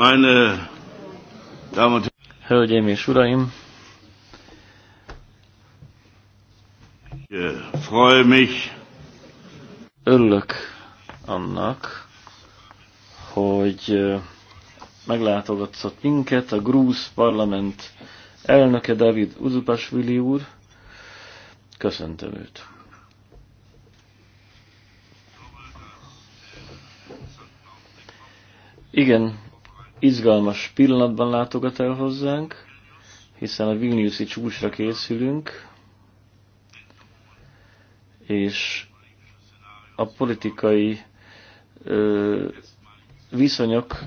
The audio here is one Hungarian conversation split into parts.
Meine Damen und Hölgyeim és Uraim! Äh, freue mich. Örülök annak, hogy meglátogatott minket a Grúz parlament elnöke David Uzupasvili úr. Köszöntöm őt. Igen, izgalmas pillanatban látogat el hozzánk, hiszen a Vilniuszi csúcsra készülünk, és a politikai ö, viszonyok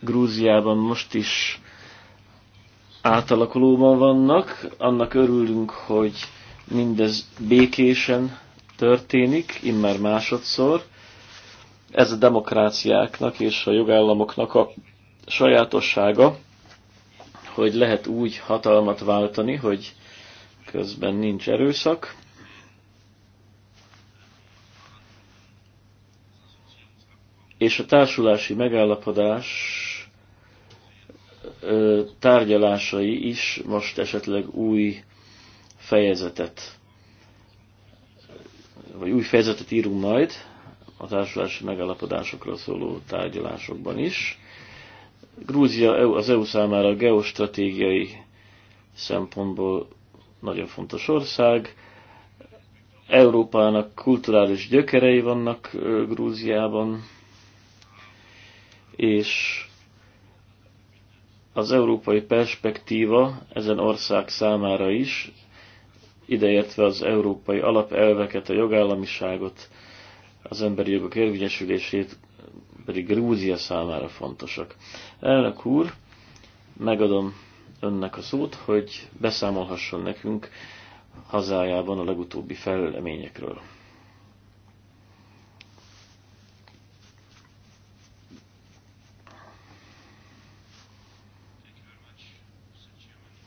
Grúziában most is átalakulóban vannak. Annak örülünk, hogy mindez békésen történik, immár másodszor. Ez a demokráciáknak és a jogállamoknak a sajátossága, hogy lehet úgy hatalmat váltani, hogy közben nincs erőszak. És a társulási megállapodás tárgyalásai is most esetleg új fejezetet, vagy új fejezetet írunk majd a társulási megállapodásokra szóló tárgyalásokban is. Grúzia az EU számára geostratégiai szempontból nagyon fontos ország. Európának kulturális gyökerei vannak Grúziában, és az európai perspektíva ezen ország számára is, ideértve az európai alapelveket, a jogállamiságot, az emberi jogok érvényesülését, pedig Grúzia számára fontosak. Elnök úr, megadom önnek a szót, hogy beszámolhasson nekünk hazájában a legutóbbi fejleményekről.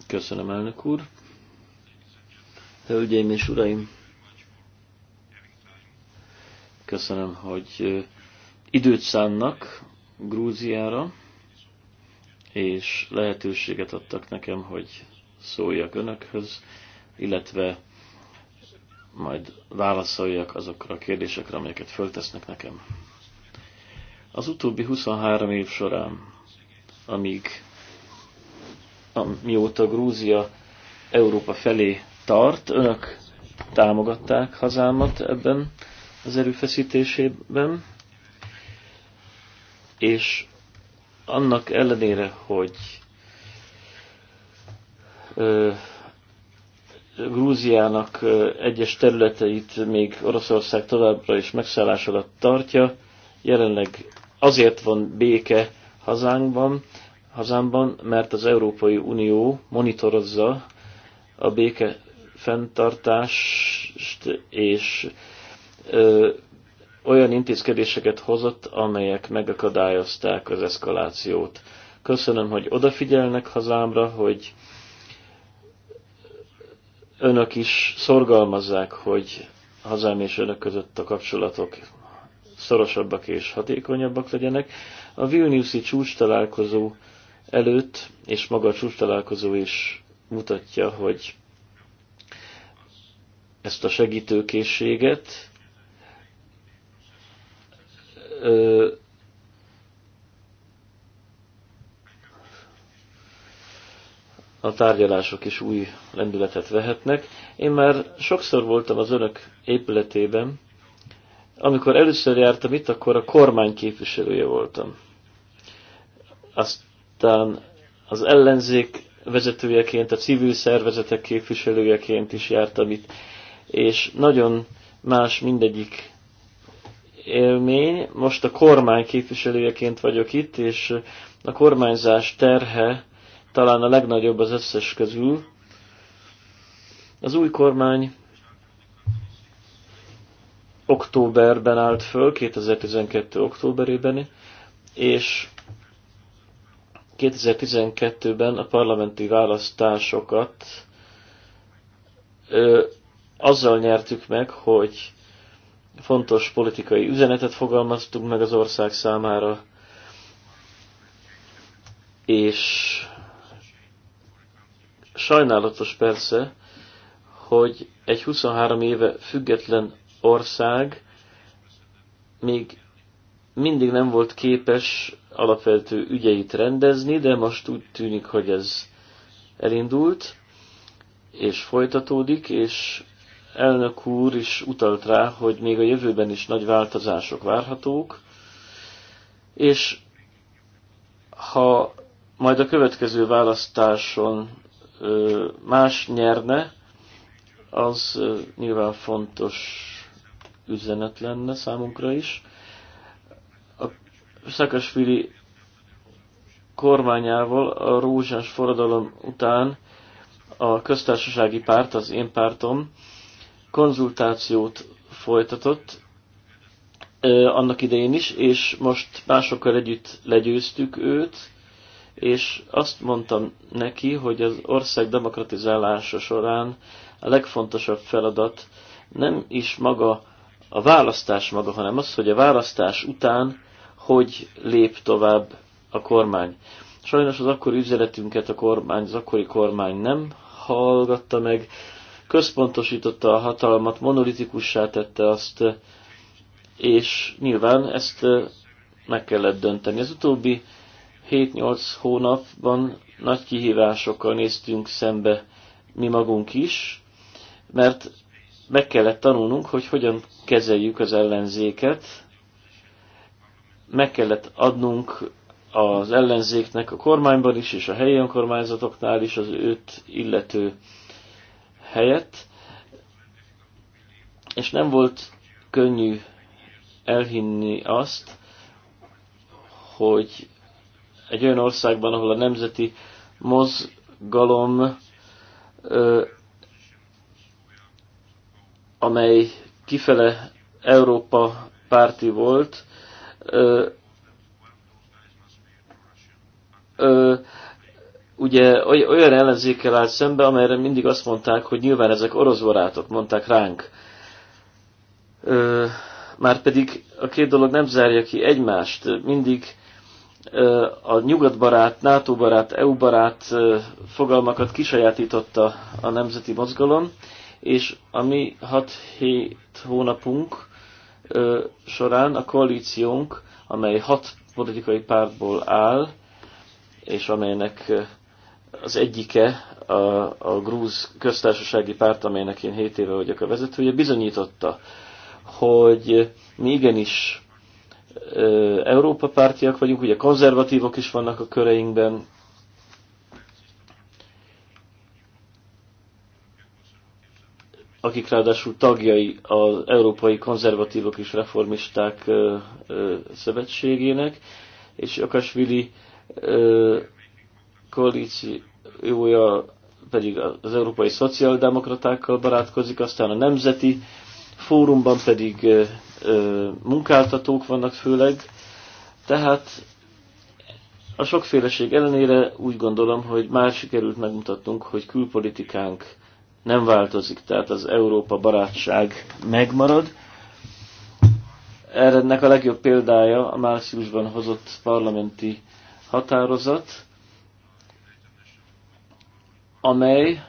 Köszönöm, elnök úr. Hölgyeim és uraim, köszönöm, hogy időt szánnak Grúziára, és lehetőséget adtak nekem, hogy szóljak önökhöz, illetve majd válaszoljak azokra a kérdésekre, amelyeket föltesznek nekem. Az utóbbi 23 év során, amíg mióta Grúzia Európa felé tart, önök támogatták hazámat ebben az erőfeszítésében, és annak ellenére, hogy ö, Grúziának egyes területeit még Oroszország továbbra is megszállás alatt tartja, jelenleg azért van béke hazánkban, hazámban, mert az Európai Unió monitorozza a béke fenntartást és ö, olyan intézkedéseket hozott, amelyek megakadályozták az eszkalációt. Köszönöm, hogy odafigyelnek hazámra, hogy önök is szorgalmazzák, hogy hazám és önök között a kapcsolatok szorosabbak és hatékonyabbak legyenek. A Vilniuszi csúcs találkozó előtt, és maga a csúcs találkozó is mutatja, hogy ezt a segítőkészséget, a tárgyalások is új lendületet vehetnek. Én már sokszor voltam az önök épületében, amikor először jártam itt, akkor a kormány képviselője voltam. Aztán az ellenzék vezetőjeként, a civil szervezetek képviselőjeként is jártam itt, és nagyon más mindegyik élmény. Most a kormány képviselőjeként vagyok itt, és a kormányzás terhe talán a legnagyobb az összes közül. Az új kormány októberben állt föl, 2012. októberében, és 2012-ben a parlamenti választásokat ö, azzal nyertük meg, hogy fontos politikai üzenetet fogalmaztunk meg az ország számára, és sajnálatos persze, hogy egy 23 éve független ország még mindig nem volt képes alapvető ügyeit rendezni, de most úgy tűnik, hogy ez elindult, és folytatódik, és elnök úr is utalt rá, hogy még a jövőben is nagy változások várhatók, és ha majd a következő választáson más nyerne, az nyilván fontos üzenet lenne számunkra is. A Szakasvili kormányával a rózsás forradalom után a köztársasági párt, az én pártom, konzultációt folytatott annak idején is, és most másokkal együtt legyőztük őt, és azt mondtam neki, hogy az ország demokratizálása során a legfontosabb feladat nem is maga a választás maga, hanem az, hogy a választás után hogy lép tovább a kormány. Sajnos az akkori üzenetünket a kormány, az akkori kormány nem hallgatta meg, központosította a hatalmat, monolitikussá tette azt, és nyilván ezt meg kellett dönteni. Az utóbbi 7-8 hónapban nagy kihívásokkal néztünk szembe mi magunk is, mert meg kellett tanulnunk, hogy hogyan kezeljük az ellenzéket, meg kellett adnunk az ellenzéknek a kormányban is, és a helyi önkormányzatoknál is az őt illető helyett, és nem volt könnyű elhinni azt, hogy egy olyan országban, ahol a nemzeti mozgalom, amely kifele Európa párti volt, ö, ö, ugye olyan ellenzékkel állt szembe, amelyre mindig azt mondták, hogy nyilván ezek orosz barátok, mondták ránk. már pedig a két dolog nem zárja ki egymást. Mindig a nyugatbarát, NATO barát, EU barát fogalmakat kisajátította a nemzeti mozgalom, és a mi 6-7 hónapunk során a koalíciónk, amely hat politikai pártból áll, és amelynek az egyike, a, a grúz köztársasági párt, amelynek én 7 éve vagyok a vezetője, bizonyította, hogy mi igenis Európa pártiak vagyunk, ugye konzervatívok is vannak a köreinkben, akik ráadásul tagjai az Európai Konzervatívok és Reformisták Szövetségének, és Akasvili koalíciója pedig az európai szociáldemokratákkal barátkozik, aztán a nemzeti fórumban pedig munkáltatók vannak főleg. Tehát a sokféleség ellenére úgy gondolom, hogy már sikerült megmutatnunk, hogy külpolitikánk nem változik, tehát az Európa barátság megmarad. Ennek a legjobb példája a márciusban hozott parlamenti határozat, amelyet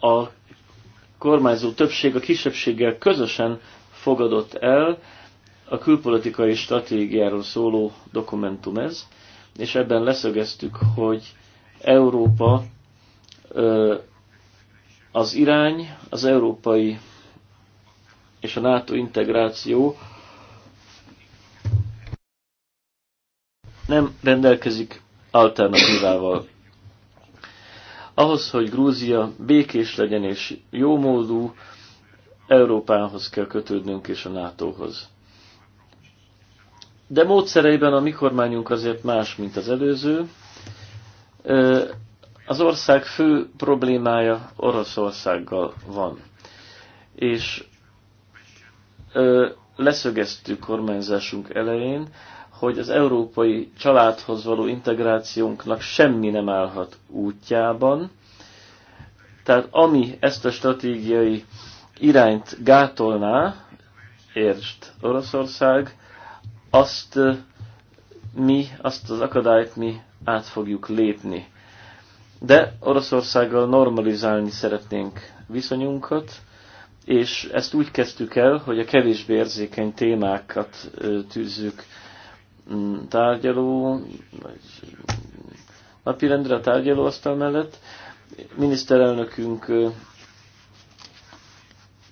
a kormányzó többség a kisebbséggel közösen fogadott el, a külpolitikai stratégiáról szóló dokumentum ez, és ebben leszögeztük, hogy Európa az irány, az európai és a NATO integráció nem rendelkezik alternatívával. Ahhoz, hogy Grúzia békés legyen és jómódú, Európához kell kötődnünk és a NATO-hoz. De módszereiben a mi kormányunk azért más, mint az előző. Az ország fő problémája Oroszországgal van. És leszögeztük kormányzásunk elején, hogy az európai családhoz való integrációnknak semmi nem állhat útjában. Tehát ami ezt a stratégiai irányt gátolná, értsd Oroszország, azt mi, azt az akadályt mi át fogjuk lépni. De Oroszországgal normalizálni szeretnénk viszonyunkat, és ezt úgy kezdtük el, hogy a kevésbé érzékeny témákat tűzzük tárgyaló, vagy napirendre a tárgyalóasztal mellett. Miniszterelnökünk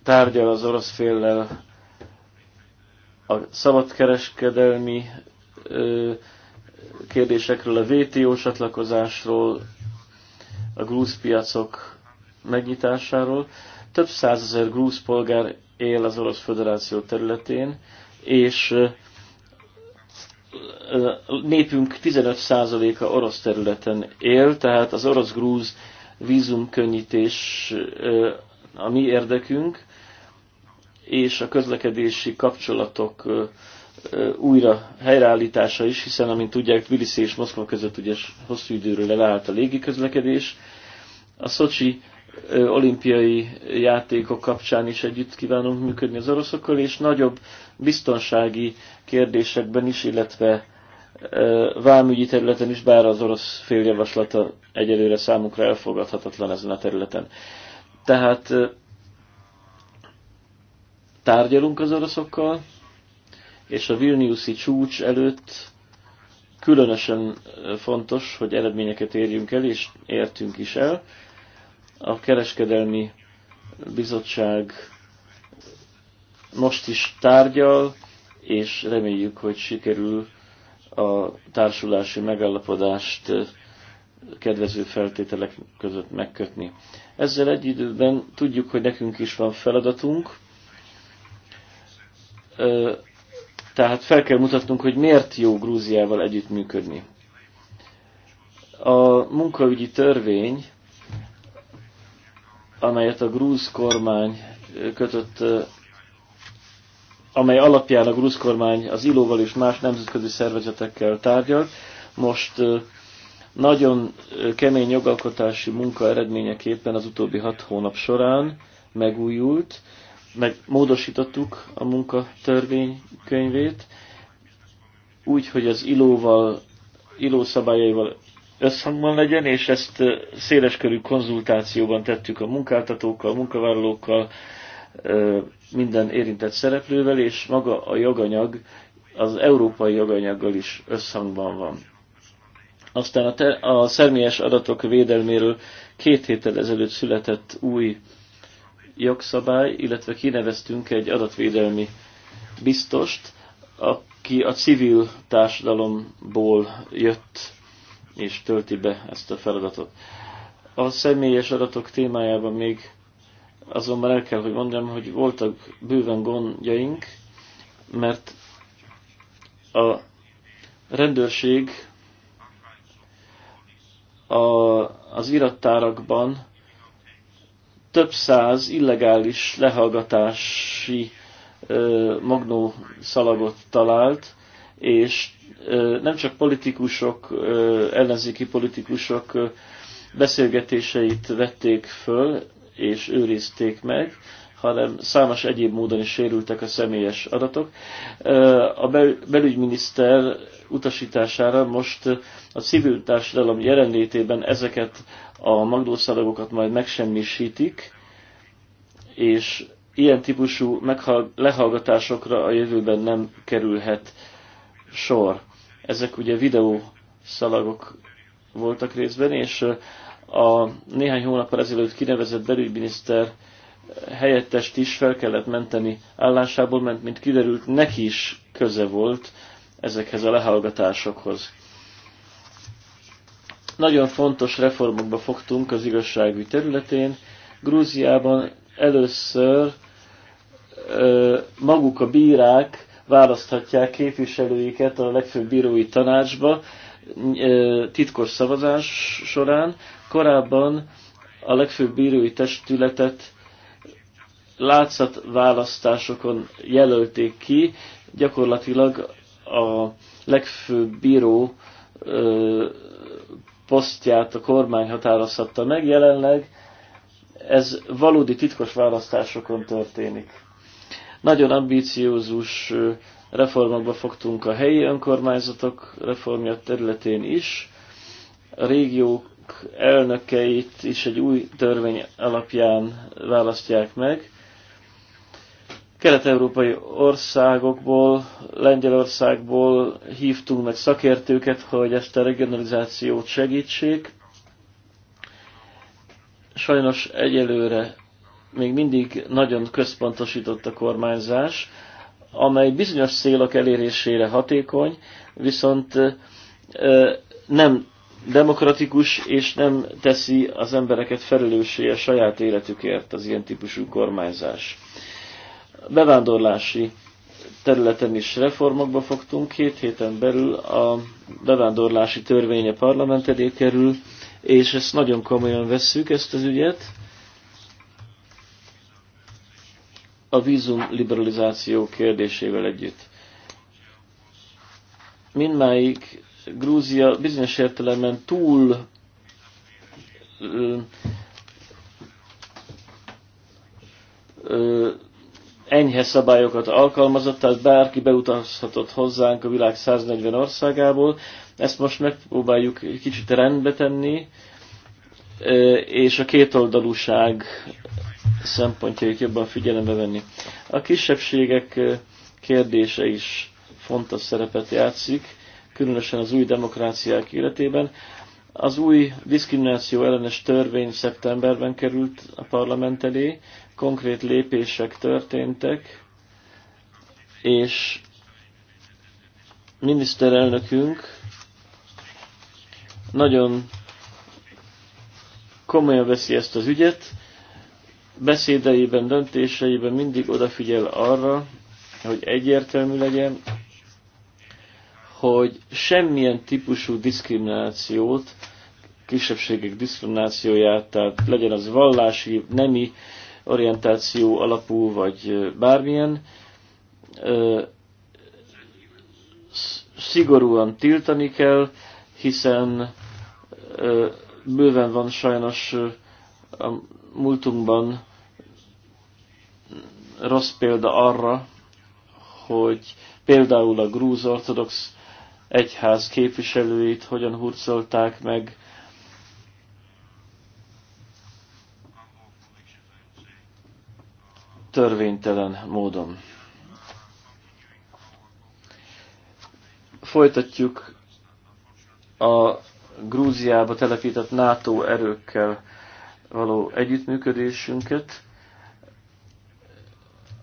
tárgyal az orosz féllel a szabadkereskedelmi kérdésekről, a VTO csatlakozásról, a grúzpiacok megnyitásáról. Több százezer grúz polgár él az Orosz Föderáció területén, és népünk 15%-a orosz területen él, tehát az orosz-grúz vízumkönnyítés a mi érdekünk, és a közlekedési kapcsolatok újra helyreállítása is, hiszen amint tudják, Tbilisi és Moszkva között ugye hosszú időről leállt a légiközlekedés. A Szocsi olimpiai játékok kapcsán is együtt kívánunk működni az oroszokkal, és nagyobb biztonsági kérdésekben is, illetve vámügyi területen is, bár az orosz féljavaslata egyelőre számukra elfogadhatatlan ezen a területen. Tehát tárgyalunk az oroszokkal, és a Vilniuszi csúcs előtt különösen fontos, hogy eredményeket érjünk el, és értünk is el. A kereskedelmi bizottság most is tárgyal, és reméljük, hogy sikerül a társulási megállapodást eh, kedvező feltételek között megkötni. Ezzel egy időben tudjuk, hogy nekünk is van feladatunk, eh, tehát fel kell mutatnunk, hogy miért jó Grúziával együttműködni. A munkaügyi törvény, amelyet a grúz kormány kötött eh, amely alapján a grúz kormány az ILO-val és más nemzetközi szervezetekkel tárgyalt. Most nagyon kemény jogalkotási munka eredményeképpen az utóbbi hat hónap során megújult, meg módosítottuk a munkatörvénykönyvét, úgy, hogy az ilóval, iló szabályaival összhangban legyen, és ezt széleskörű konzultációban tettük a munkáltatókkal, a munkavállalókkal, minden érintett szereplővel, és maga a joganyag az európai joganyaggal is összhangban van. Aztán a, te, a személyes adatok védelméről két héttel ezelőtt született új jogszabály, illetve kineveztünk egy adatvédelmi biztost, aki a civil társadalomból jött és tölti be ezt a feladatot. A személyes adatok témájában még azonban el kell, hogy mondjam, hogy voltak bőven gondjaink, mert a rendőrség a, az irattárakban több száz illegális lehallgatási magnó szalagot talált, és nem csak politikusok, ellenzéki politikusok beszélgetéseit vették föl, és őrizték meg, hanem számos egyéb módon is sérültek a személyes adatok. A belügyminiszter utasítására most a civil társadalom jelenlétében ezeket a magdószalagokat majd megsemmisítik, és ilyen típusú lehallgatásokra a jövőben nem kerülhet sor. Ezek ugye videó szalagok voltak részben, és a néhány hónappal ezelőtt kinevezett belügyminiszter helyettest is fel kellett menteni állásából, mert mint kiderült, neki is köze volt ezekhez a lehallgatásokhoz. Nagyon fontos reformokba fogtunk az igazságügy területén. Grúziában először ö, maguk a bírák választhatják képviselőiket a legfőbb bírói tanácsba, titkos szavazás során. Korábban a legfőbb bírói testületet látszatválasztásokon jelölték ki, gyakorlatilag a legfőbb bíró ö, posztját a kormány határozhatta meg jelenleg, ez valódi titkos választásokon történik. Nagyon ambíciózus reformokba fogtunk a helyi önkormányzatok reformja területén is. A régiók elnökeit is egy új törvény alapján választják meg. Kelet-európai országokból, Lengyelországból hívtunk meg szakértőket, hogy ezt a regionalizációt segítsék. Sajnos egyelőre még mindig nagyon központosított a kormányzás, amely bizonyos célok elérésére hatékony, viszont nem demokratikus, és nem teszi az embereket felelőssé a saját életükért az ilyen típusú kormányzás. Bevándorlási területen is reformokba fogtunk, két héten belül a bevándorlási törvénye a parlament elé kerül, és ezt nagyon komolyan vesszük, ezt az ügyet, a vízum liberalizáció kérdésével együtt. Mindmáig Grúzia bizonyos értelemben túl ö, ö, enyhe szabályokat alkalmazott, tehát bárki beutazhatott hozzánk a világ 140 országából. Ezt most megpróbáljuk kicsit rendbe tenni, és a kétoldalúság szempontjait jobban figyelembe venni. A kisebbségek kérdése is fontos szerepet játszik, különösen az új demokráciák életében. Az új diszkrimináció ellenes törvény szeptemberben került a parlament elé, konkrét lépések történtek, és miniszterelnökünk nagyon komolyan veszi ezt az ügyet, beszédeiben, döntéseiben mindig odafigyel arra, hogy egyértelmű legyen, hogy semmilyen típusú diszkriminációt, kisebbségek diszkriminációját, tehát legyen az vallási, nemi orientáció alapú, vagy bármilyen, szigorúan tiltani kell, hiszen bőven van sajnos a múltunkban rossz példa arra, hogy például a grúz ortodox egyház képviselőit hogyan hurcolták meg, törvénytelen módon. Folytatjuk a Grúziába telepített NATO erőkkel való együttműködésünket.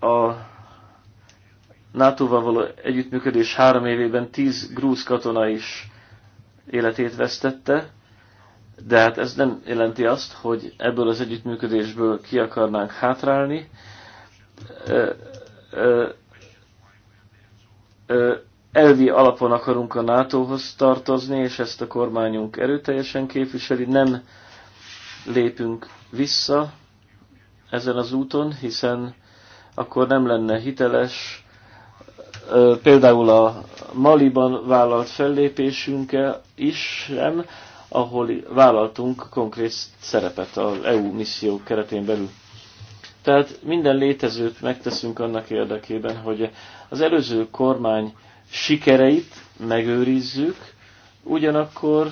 A NATO-val való együttműködés három évében tíz grúz katona is életét vesztette, de hát ez nem jelenti azt, hogy ebből az együttműködésből ki akarnánk hátrálni. Elvi alapon akarunk a NATO-hoz tartozni, és ezt a kormányunk erőteljesen képviseli. Nem lépünk vissza ezen az úton, hiszen akkor nem lenne hiteles például a Maliban vállalt fellépésünkkel is sem, ahol vállaltunk konkrét szerepet az EU misszió keretén belül. Tehát minden létezőt megteszünk annak érdekében, hogy az előző kormány sikereit megőrizzük, ugyanakkor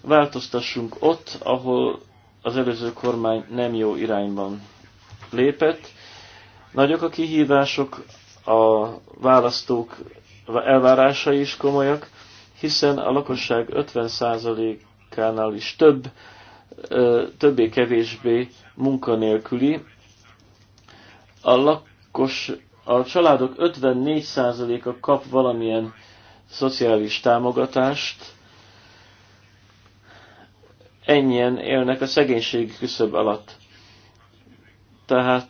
változtassunk ott, ahol az előző kormány nem jó irányban lépett, Nagyok a kihívások, a választók elvárásai is komolyak, hiszen a lakosság 50%-ánál is több, többé-kevésbé munkanélküli. A lakos, a családok 54%-a kap valamilyen szociális támogatást, ennyien élnek a szegénység küszöb alatt. Tehát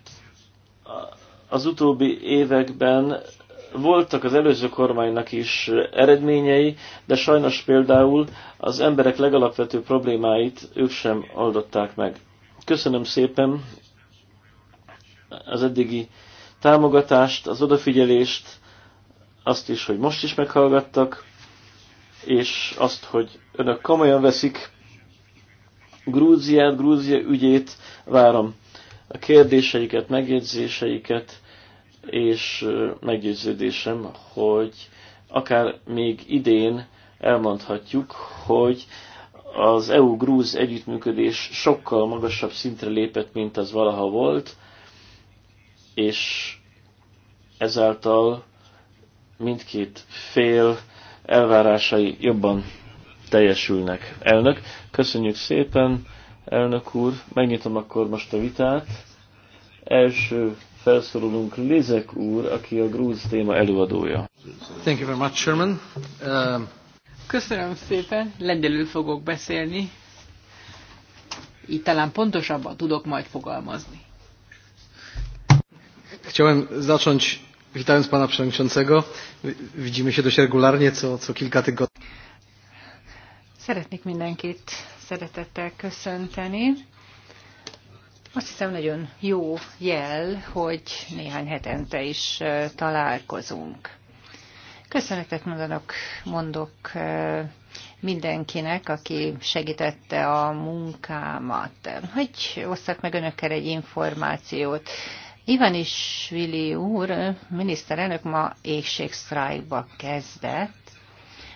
az utóbbi években voltak az előző kormánynak is eredményei, de sajnos például az emberek legalapvető problémáit ők sem oldották meg. Köszönöm szépen az eddigi támogatást, az odafigyelést, azt is, hogy most is meghallgattak, és azt, hogy önök komolyan veszik Grúziát, Grúzia ügyét várom a kérdéseiket, megjegyzéseiket, és meggyőződésem, hogy akár még idén elmondhatjuk, hogy az EU-Grúz együttműködés sokkal magasabb szintre lépett, mint az valaha volt, és ezáltal mindkét fél elvárásai jobban teljesülnek. Elnök, köszönjük szépen! elnök úr. Megnyitom akkor most a vitát. Első felszólulunk Lizek úr, aki a grúz téma előadója. Thank you very much, Sherman. Uh... Um, Köszönöm szépen, lengyelül fogok beszélni. Így talán pontosabban tudok majd fogalmazni. Chciałem zacząć witając pana przewodniczącego. Widzimy się dość regularnie co, co kilka tygodni. Szeretnék mindenkit szeretettel köszönteni. Azt hiszem nagyon jó jel, hogy néhány hetente is találkozunk. Köszönetet mondanok, mondok mindenkinek, aki segítette a munkámat. Hogy osszak meg önökkel egy információt. Ivanisvili úr, miniszterelnök ma éjségsztrájkba kezdett,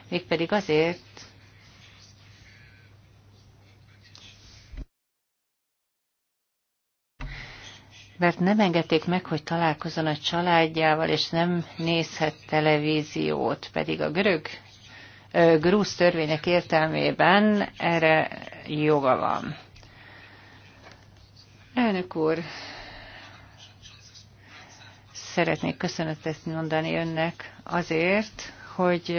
mégpedig azért, mert nem engedték meg, hogy találkozzon a családjával, és nem nézhet televíziót, pedig a görög grúz törvények értelmében erre joga van. Elnök úr, szeretnék köszönetet mondani önnek azért, hogy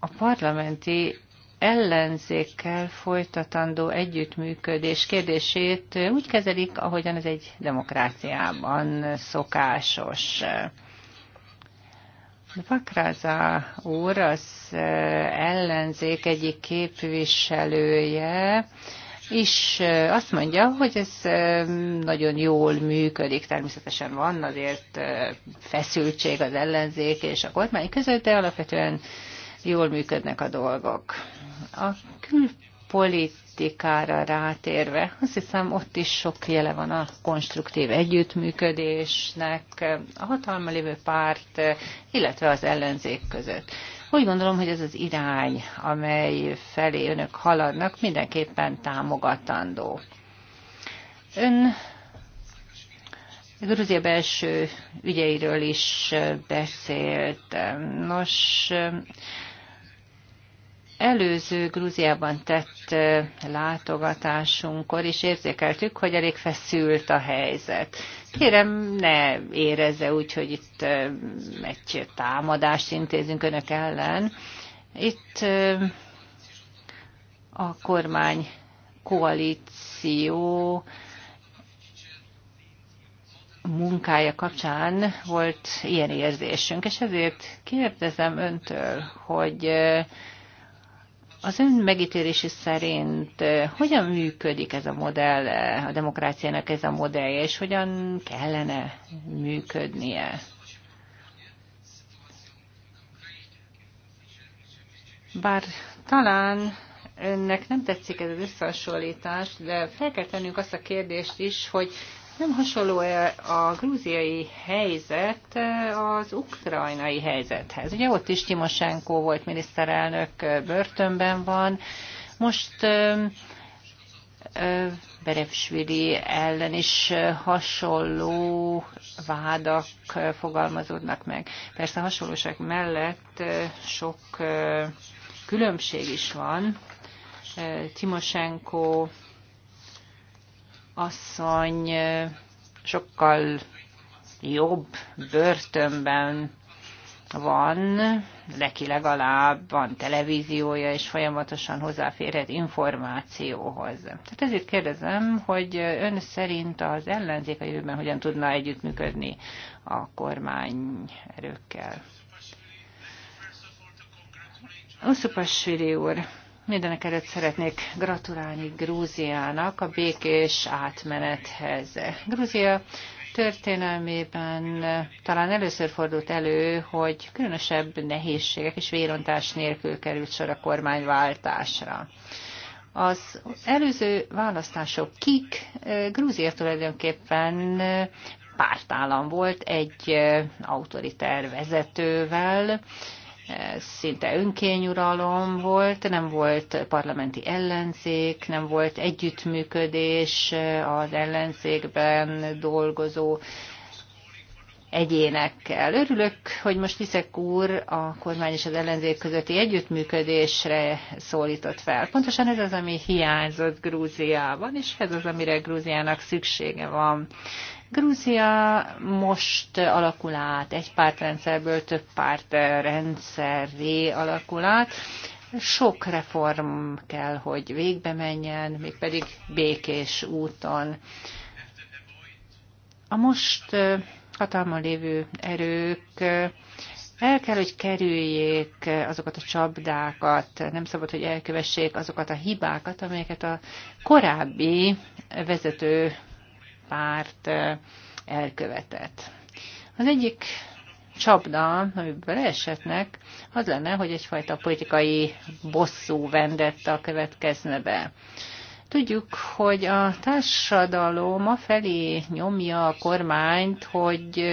a parlamenti ellenzékkel folytatandó együttműködés kérdését úgy kezelik, ahogyan ez egy demokráciában szokásos. Vakráza úr az ellenzék egyik képviselője, és azt mondja, hogy ez nagyon jól működik. Természetesen van azért feszültség az ellenzék és a kormány között, de alapvetően jól működnek a dolgok. A külpolitikára rátérve, azt hiszem ott is sok jele van a konstruktív együttműködésnek a hatalma lévő párt, illetve az ellenzék között. Úgy gondolom, hogy ez az irány, amely felé önök haladnak, mindenképpen támogatandó. Ön Grúzia belső ügyeiről is beszélt. Nos, előző Grúziában tett látogatásunkkor is érzékeltük, hogy elég feszült a helyzet. Kérem, ne érezze úgy, hogy itt egy támadást intézünk önök ellen. Itt a kormány koalíció munkája kapcsán volt ilyen érzésünk, és ezért kérdezem öntől, hogy az ön megítélése szerint eh, hogyan működik ez a modell, eh, a demokráciának ez a modellje, és hogyan kellene működnie? Bár talán önnek nem tetszik ez az összehasonlítás, de fel kell tennünk azt a kérdést is, hogy nem hasonló-e a grúziai helyzet az ukrajnai helyzethez? Ugye ott is Timosenko volt miniszterelnök, börtönben van. Most Berevsvili ellen is hasonló vádak fogalmazódnak meg. Persze hasonlóság mellett sok különbség is van. Timosenko asszony sokkal jobb börtönben van, neki legalább van televíziója, és folyamatosan hozzáférhet információhoz. Tehát ezért kérdezem, hogy ön szerint az ellenzék a jövőben hogyan tudna együttműködni a kormány erőkkel? Uszupasvili úr, Mindenek előtt szeretnék gratulálni Grúziának a békés átmenethez. Grúzia történelmében talán először fordult elő, hogy különösebb nehézségek és vérontás nélkül került sor a kormányváltásra. Az előző választások kik Grúzia tulajdonképpen pártállam volt egy autoriter vezetővel, szinte önkényuralom volt, nem volt parlamenti ellenzék, nem volt együttműködés az ellenzékben dolgozó egyénekkel. Örülök, hogy most Liszek úr a kormány és az ellenzék közötti együttműködésre szólított fel. Pontosan ez az, ami hiányzott Grúziában, és ez az, amire Grúziának szüksége van. Grúzia most alakul át, egy pártrendszerből több pártrendszerré alakul át. Sok reform kell, hogy végbe menjen, mégpedig békés úton. A most hatalma lévő erők el kell, hogy kerüljék azokat a csapdákat, nem szabad, hogy elkövessék azokat a hibákat, amelyeket a korábbi vezető párt elkövetett. Az egyik csapda, amiből esetnek, az lenne, hogy egyfajta politikai bosszú a következne be. Tudjuk, hogy a társadalom felé nyomja a kormányt, hogy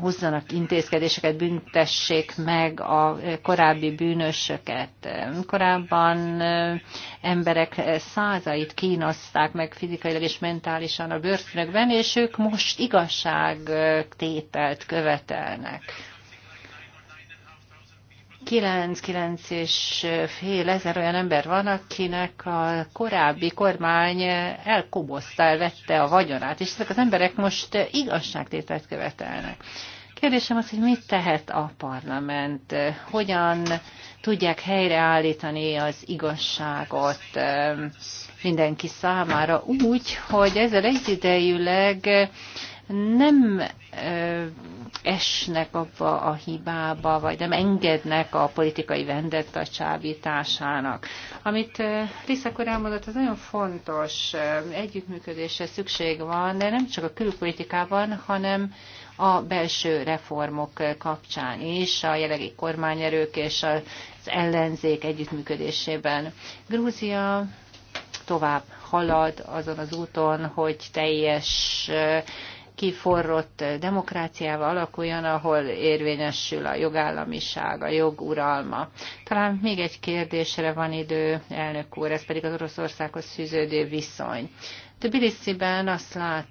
hozzanak intézkedéseket, büntessék meg a korábbi bűnösöket. Korábban emberek százait kínozták meg fizikailag és mentálisan a börtönökben, és ők most igazságtételt követelnek. 99 és fél ezer olyan ember van, akinek a korábbi kormány elkobozta, elvette a vagyonát, és ezek az emberek most igazságtételt követelnek. Kérdésem az, hogy mit tehet a parlament, hogyan tudják helyreállítani az igazságot eh, mindenki számára úgy, hogy ezzel egyidejűleg nem esnek abba a hibába, vagy nem engednek a politikai vendetta csábításának. Amit Lisa mondott, az nagyon fontos. Együttműködésre szükség van, de nem csak a külpolitikában, hanem a belső reformok kapcsán is, a jelenlegi kormányerők és az ellenzék együttműködésében. Grúzia tovább halad azon az úton, hogy teljes kiforrott demokráciával alakuljon, ahol érvényesül a jogállamiság, a jog Talán még egy kérdésre van idő, elnök úr, ez pedig az Oroszországhoz szűződő viszony. Tbilisziben azt lát,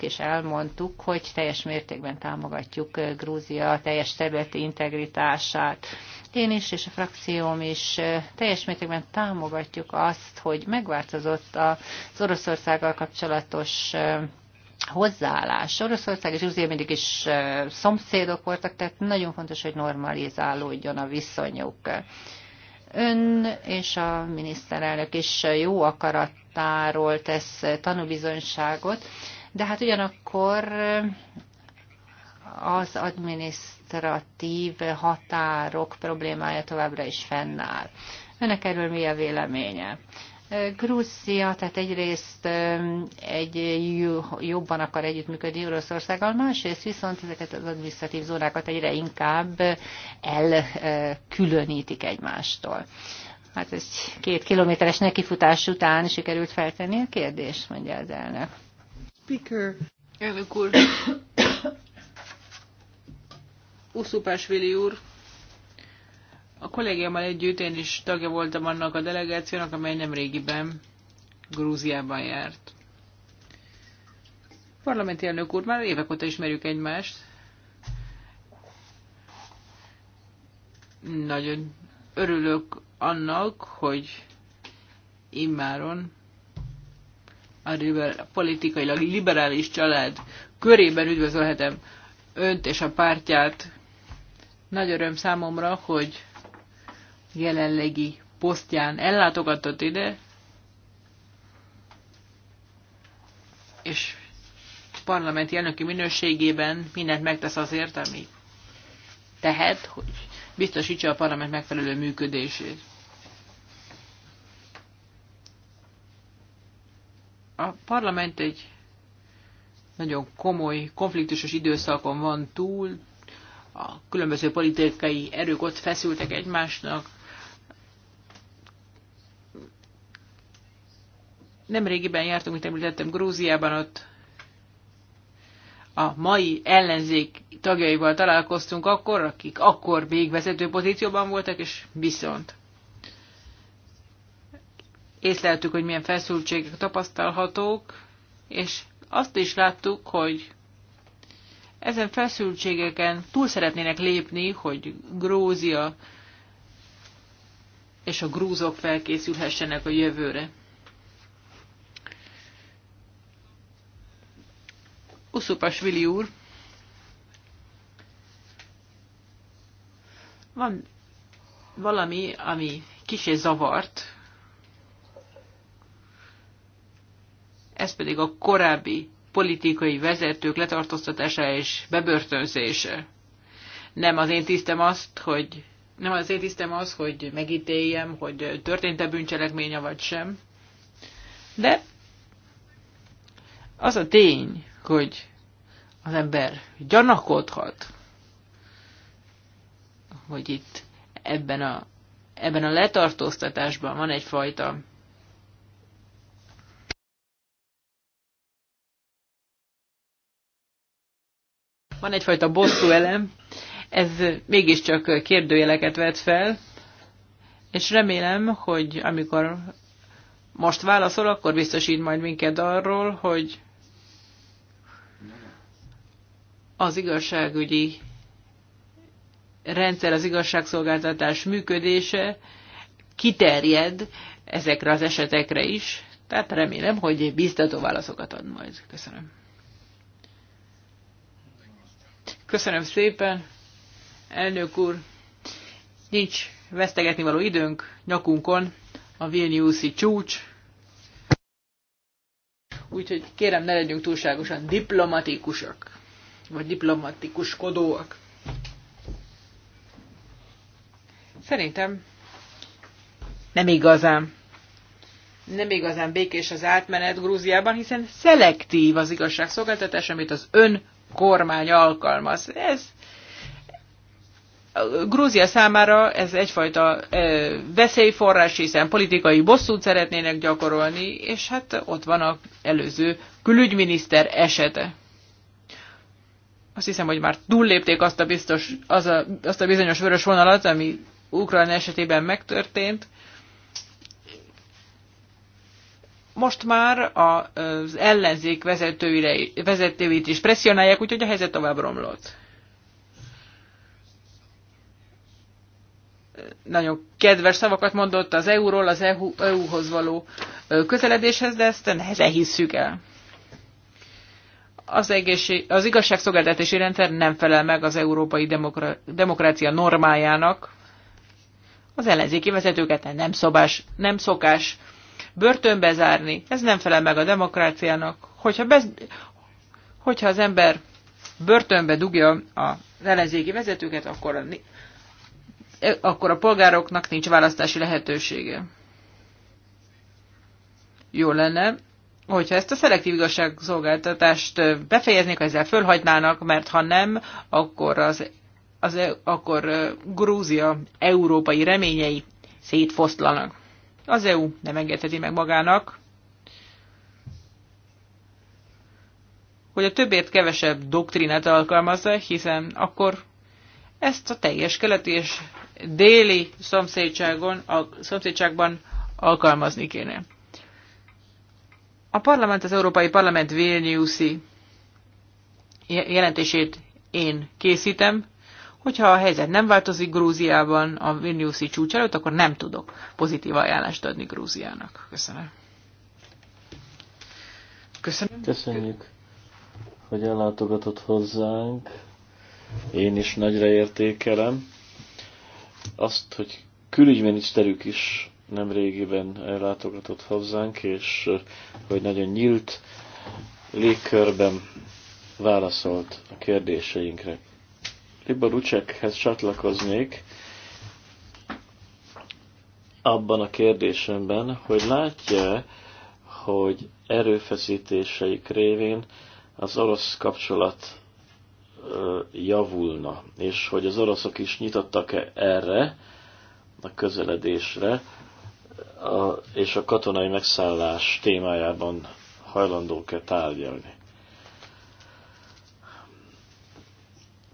és elmondtuk, hogy teljes mértékben támogatjuk Grúzia teljes területi integritását. Én is és a frakcióm is teljes mértékben támogatjuk azt, hogy megváltozott az Oroszországgal kapcsolatos hozzáállás. Oroszország és Grúzia mindig is szomszédok voltak, tehát nagyon fontos, hogy normalizálódjon a viszonyuk. Ön és a miniszterelnök is jó akaratáról tesz tanúbizonyságot, de hát ugyanakkor az adminisztratív határok problémája továbbra is fennáll. Önnek erről mi a véleménye? Grúzia, tehát egyrészt egy jobban akar együttműködni Oroszországgal, másrészt viszont ezeket az administratív zónákat egyre inkább elkülönítik egymástól. Hát ez két kilométeres nekifutás után sikerült feltenni a kérdést, mondja az elnök. Speaker. Elnök úr. Uszupásvili úr a kollégiámmal együtt én is tagja voltam annak a delegációnak, amely nem régiben Grúziában járt. Parlamenti elnök úr, már évek óta ismerjük egymást. Nagyon örülök annak, hogy immáron a politikailag liberális család körében üdvözölhetem önt és a pártját. Nagy öröm számomra, hogy jelenlegi posztján ellátogatott ide, és parlamenti elnöki minőségében mindent megtesz azért, ami tehet, hogy biztosítsa a parlament megfelelő működését. A parlament egy nagyon komoly, konfliktusos időszakon van túl, a különböző politikai erők ott feszültek egymásnak, Nemrégiben jártunk, mint említettem, Grúziában, ott a mai ellenzék tagjaival találkoztunk akkor, akik akkor még vezető pozícióban voltak, és viszont észleltük, hogy milyen feszültségek tapasztalhatók, és azt is láttuk, hogy ezen feszültségeken túl szeretnének lépni, hogy Grózia és a grúzok felkészülhessenek a jövőre. Vili úr, van valami, ami kisé zavart, ez pedig a korábbi politikai vezetők letartóztatása és bebörtönzése. Nem az én tisztem azt, hogy nem az én tisztem az, hogy megítéljem, hogy történt-e bűncselekménye vagy sem. De az a tény, hogy az ember gyanakodhat, hogy itt ebben a, ebben a letartóztatásban van egyfajta van egyfajta bosszú elem, ez mégiscsak kérdőjeleket vet fel, és remélem, hogy amikor most válaszol, akkor biztosít majd minket arról, hogy az igazságügyi rendszer, az igazságszolgáltatás működése kiterjed ezekre az esetekre is, tehát remélem, hogy biztató válaszokat ad majd. Köszönöm. Köszönöm szépen, elnök úr. Nincs vesztegetni való időnk nyakunkon a Vilniuszi csúcs. Úgyhogy kérem, ne legyünk túlságosan diplomatikusak vagy diplomatikuskodóak. Szerintem nem igazán. Nem igazán békés az átmenet Grúziában, hiszen szelektív az igazságszolgáltatás, amit az ön kormány alkalmaz. Ez Grúzia számára ez egyfajta ö, veszélyforrás, hiszen politikai bosszút szeretnének gyakorolni, és hát ott van az előző külügyminiszter esete. Azt hiszem, hogy már túllépték azt a, biztos, az a, azt a bizonyos vörös vonalat, ami Ukrajna esetében megtörtént. Most már az ellenzék vezetőit is presszionálják, úgyhogy a helyzet tovább romlott. nagyon kedves szavakat mondott az EU-ról, az EU-hoz e való közeledéshez, de ezt nehezen hisszük el az, egészség, az igazságszolgáltatási rendszer nem felel meg az európai demokra, demokrácia normájának. Az ellenzéki vezetőket nem, szobás, nem szokás börtönbe zárni. Ez nem felel meg a demokráciának. Hogyha, bez, hogyha az ember börtönbe dugja az ellenzéki vezetőket, akkor a, akkor a polgároknak nincs választási lehetősége. Jó lenne, hogyha ezt a szelektív igazságszolgáltatást befejeznék, ezzel fölhagynának, mert ha nem, akkor az, az e, akkor Grúzia európai reményei szétfoszlanak. Az EU nem engedheti meg magának, hogy a többért kevesebb doktrinát alkalmazza, hiszen akkor ezt a teljes keleti és déli szomszédságon, a szomszédságban alkalmazni kéne. A parlament, az Európai Parlament Vilniuszi jelentését én készítem. Hogyha a helyzet nem változik Grúziában a Vilniuszi csúcs előtt, akkor nem tudok pozitív ajánlást adni Grúziának. Köszönöm. Köszönöm. Köszönjük, hogy ellátogatott hozzánk. Én is nagyra értékelem azt, hogy külügyminiszterük is nem régiben ellátogatott hozzánk, és hogy nagyon nyílt légkörben válaszolt a kérdéseinkre. Libor Rucsekhez csatlakoznék abban a kérdésemben, hogy látja, hogy erőfeszítéseik révén az orosz kapcsolat javulna, és hogy az oroszok is nyitottak-e erre, a közeledésre, a, és a katonai megszállás témájában hajlandó e tárgyalni.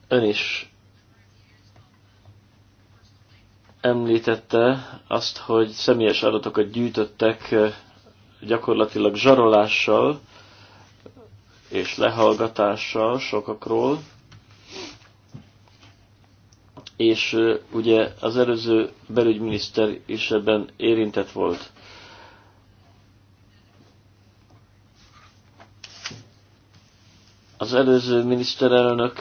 Ön is említette azt, hogy személyes adatokat gyűjtöttek eh, gyakorlatilag zsarolással és lehallgatással sokakról, és ugye az előző belügyminiszter is ebben érintett volt. Az előző miniszterelnök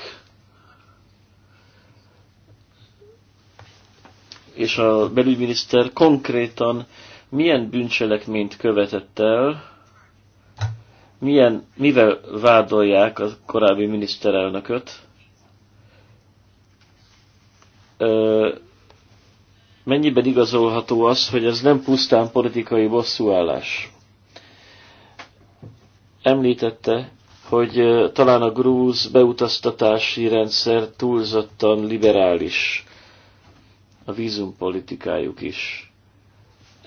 és a belügyminiszter konkrétan milyen bűncselekményt követett el, milyen, mivel vádolják a korábbi miniszterelnököt, mennyiben igazolható az, hogy ez nem pusztán politikai bosszúállás? Említette, hogy talán a grúz beutaztatási rendszer túlzottan liberális, a vízumpolitikájuk is.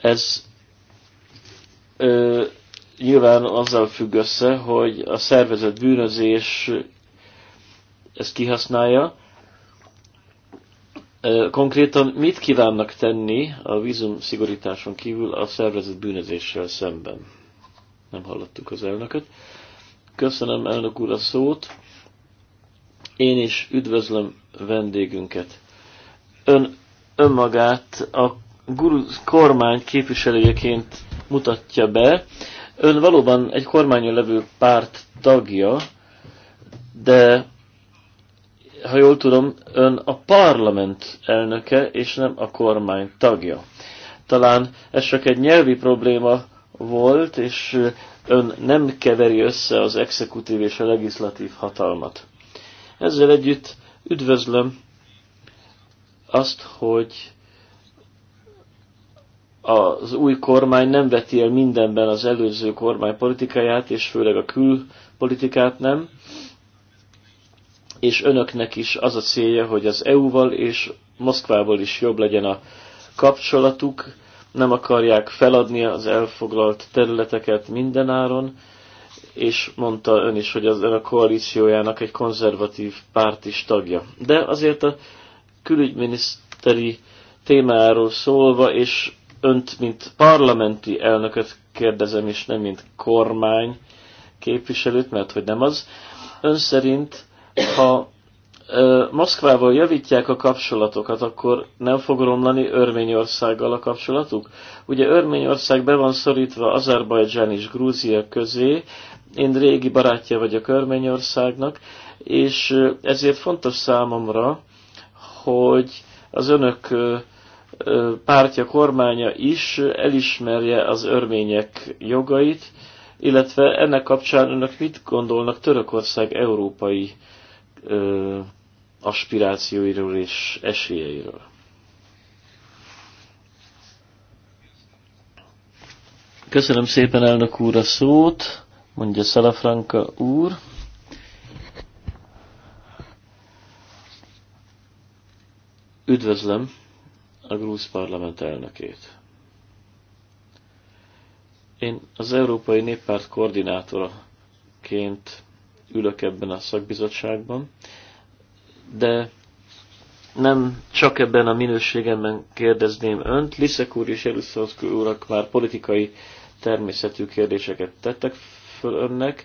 Ez ö, nyilván azzal függ össze, hogy a szervezet bűnözés ezt kihasználja, Konkrétan mit kívánnak tenni a vízum szigorításon kívül a szervezet bűnözéssel szemben? Nem hallottuk az elnököt. Köszönöm elnök úr a szót. Én is üdvözlöm vendégünket. Ön önmagát a guru kormány képviselőjeként mutatja be. Ön valóban egy kormányon levő párt tagja, de ha jól tudom, ön a parlament elnöke, és nem a kormány tagja. Talán ez csak egy nyelvi probléma volt, és ön nem keveri össze az exekutív és a legislatív hatalmat. Ezzel együtt üdvözlöm azt, hogy az új kormány nem veti el mindenben az előző kormány politikáját, és főleg a külpolitikát nem és önöknek is az a célja, hogy az EU-val és Moszkvával is jobb legyen a kapcsolatuk, nem akarják feladni az elfoglalt területeket mindenáron, és mondta ön is, hogy az ön a koalíciójának egy konzervatív párt is tagja. De azért a külügyminiszteri témáról szólva, és önt, mint parlamenti elnököt kérdezem, és nem mint kormány képviselőt, mert hogy nem az, ön szerint ha Moszkvával javítják a kapcsolatokat, akkor nem fog romlani Örményországgal a kapcsolatuk? Ugye Örményország be van szorítva Azerbajdzsán és Grúzia közé, én régi barátja vagyok Örményországnak, és ezért fontos számomra, hogy az önök pártja, kormánya is elismerje az örmények jogait, illetve ennek kapcsán önök mit gondolnak Törökország európai ö, aspirációiról és esélyeiről. Köszönöm szépen elnök úr a szót, mondja Salafranca úr. Üdvözlöm a grúz parlament elnökét. Én az Európai Néppárt koordinátoraként ülök ebben a szakbizottságban, de nem csak ebben a minőségemben kérdezném önt. Liszek úr és Eluszonszki úrak már politikai természetű kérdéseket tettek föl önnek.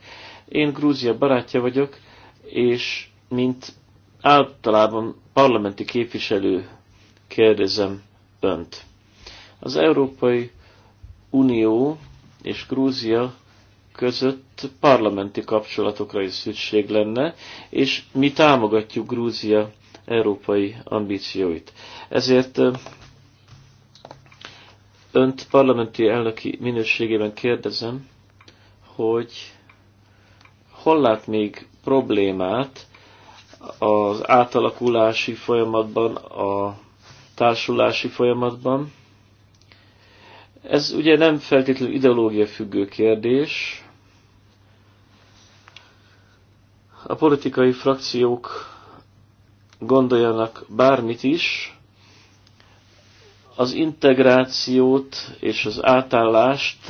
Én Grúzia barátja vagyok, és mint általában parlamenti képviselő kérdezem önt. Az Európai Unió és Grúzia között parlamenti kapcsolatokra is szükség lenne, és mi támogatjuk Grúzia európai ambícióit. Ezért önt parlamenti elnöki minőségében kérdezem, hogy hol lát még problémát az átalakulási folyamatban, a társulási folyamatban. Ez ugye nem feltétlenül ideológia függő kérdés, a politikai frakciók gondoljanak bármit is, az integrációt és az átállást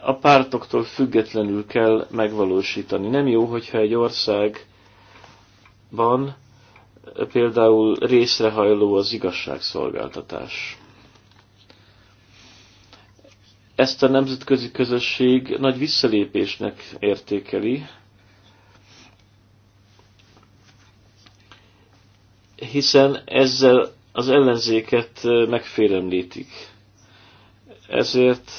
a pártoktól függetlenül kell megvalósítani. Nem jó, hogyha egy országban például részrehajló az igazságszolgáltatás. Ezt a nemzetközi közösség nagy visszalépésnek értékeli, hiszen ezzel az ellenzéket megfélemlítik. Ezért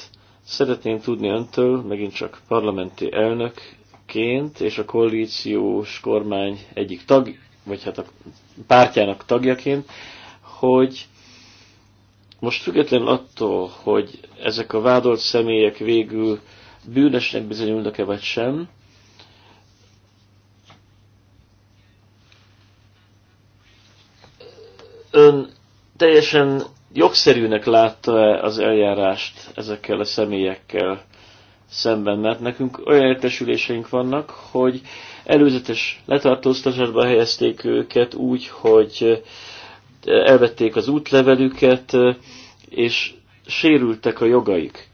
szeretném tudni öntől, megint csak parlamenti elnökként és a koalíciós kormány egyik tag, vagy hát a pártjának tagjaként, hogy most független attól, hogy ezek a vádolt személyek végül bűnösnek bizonyulnak-e vagy sem, teljesen jogszerűnek látta az eljárást ezekkel a személyekkel szemben, mert nekünk olyan értesüléseink vannak, hogy előzetes letartóztatásba helyezték őket úgy, hogy elvették az útlevelüket, és sérültek a jogaik.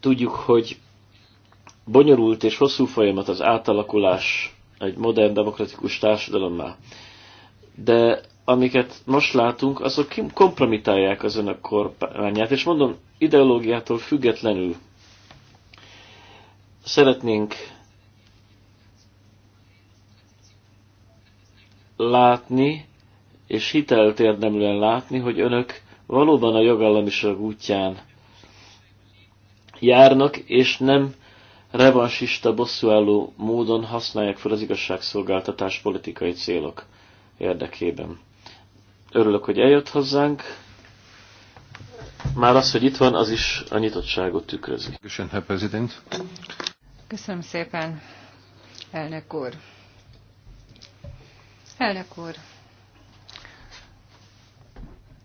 Tudjuk, hogy bonyolult és hosszú folyamat az átalakulás egy modern demokratikus társadalommal de amiket most látunk, azok kompromitálják az önök kormányát, és mondom, ideológiától függetlenül szeretnénk látni, és hitelt érdemlően látni, hogy önök valóban a jogállamiság útján járnak, és nem revansista, bosszúálló módon használják fel az igazságszolgáltatás politikai célok érdekében. Örülök, hogy eljött hozzánk. Már az, hogy itt van, az is a nyitottságot tükrözi. Köszönöm, Köszönöm szépen, elnök úr. Elnök úr,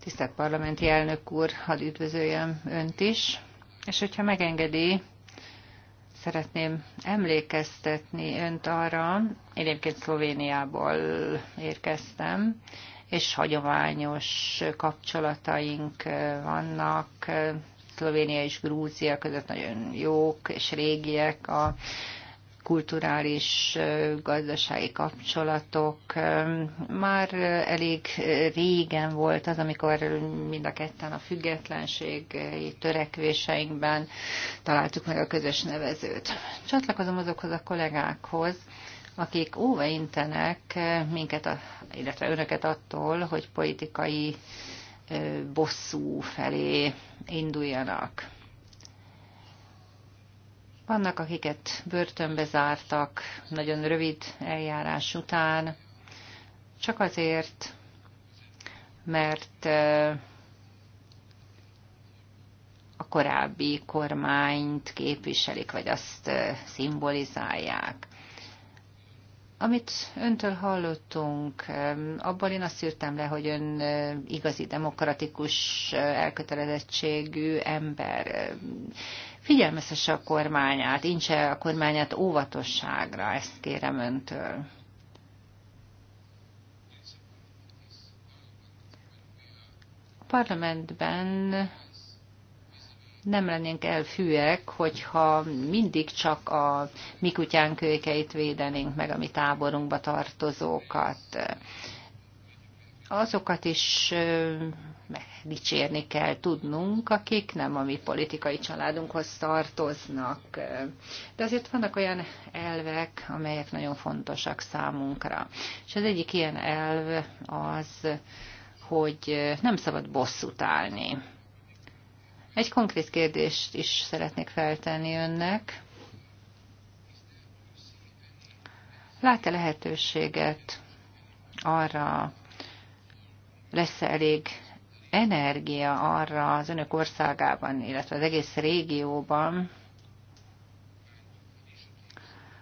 tisztelt parlamenti elnök úr, hadd üdvözöljem önt is, és hogyha megengedi, szeretném emlékeztetni önt arra, én egyébként Szlovéniából érkeztem, és hagyományos kapcsolataink vannak, Szlovénia és Grúzia között nagyon jók és régiek a kulturális, gazdasági kapcsolatok. Már elég régen volt az, amikor mind a ketten a függetlenség törekvéseinkben találtuk meg a közös nevezőt. Csatlakozom azokhoz a kollégákhoz, akik óvaintenek minket, a, illetve önöket attól, hogy politikai bosszú felé induljanak vannak, akiket börtönbe zártak nagyon rövid eljárás után, csak azért, mert a korábbi kormányt képviselik, vagy azt szimbolizálják. Amit öntől hallottunk, abból én azt írtam le, hogy ön igazi demokratikus elkötelezettségű ember figyelmeztesse a kormányát, incse a kormányát óvatosságra, ezt kérem öntől. A parlamentben nem lennénk elfűek, hogyha mindig csak a mi kutyánkőkeit védenénk meg, a mi táborunkba tartozókat azokat is dicsérni kell tudnunk, akik nem a mi politikai családunkhoz tartoznak. De azért vannak olyan elvek, amelyek nagyon fontosak számunkra. És az egyik ilyen elv az, hogy nem szabad bosszút állni. Egy konkrét kérdést is szeretnék feltenni önnek. Lát-e lehetőséget arra, lesz elég energia arra az önök országában, illetve az egész régióban,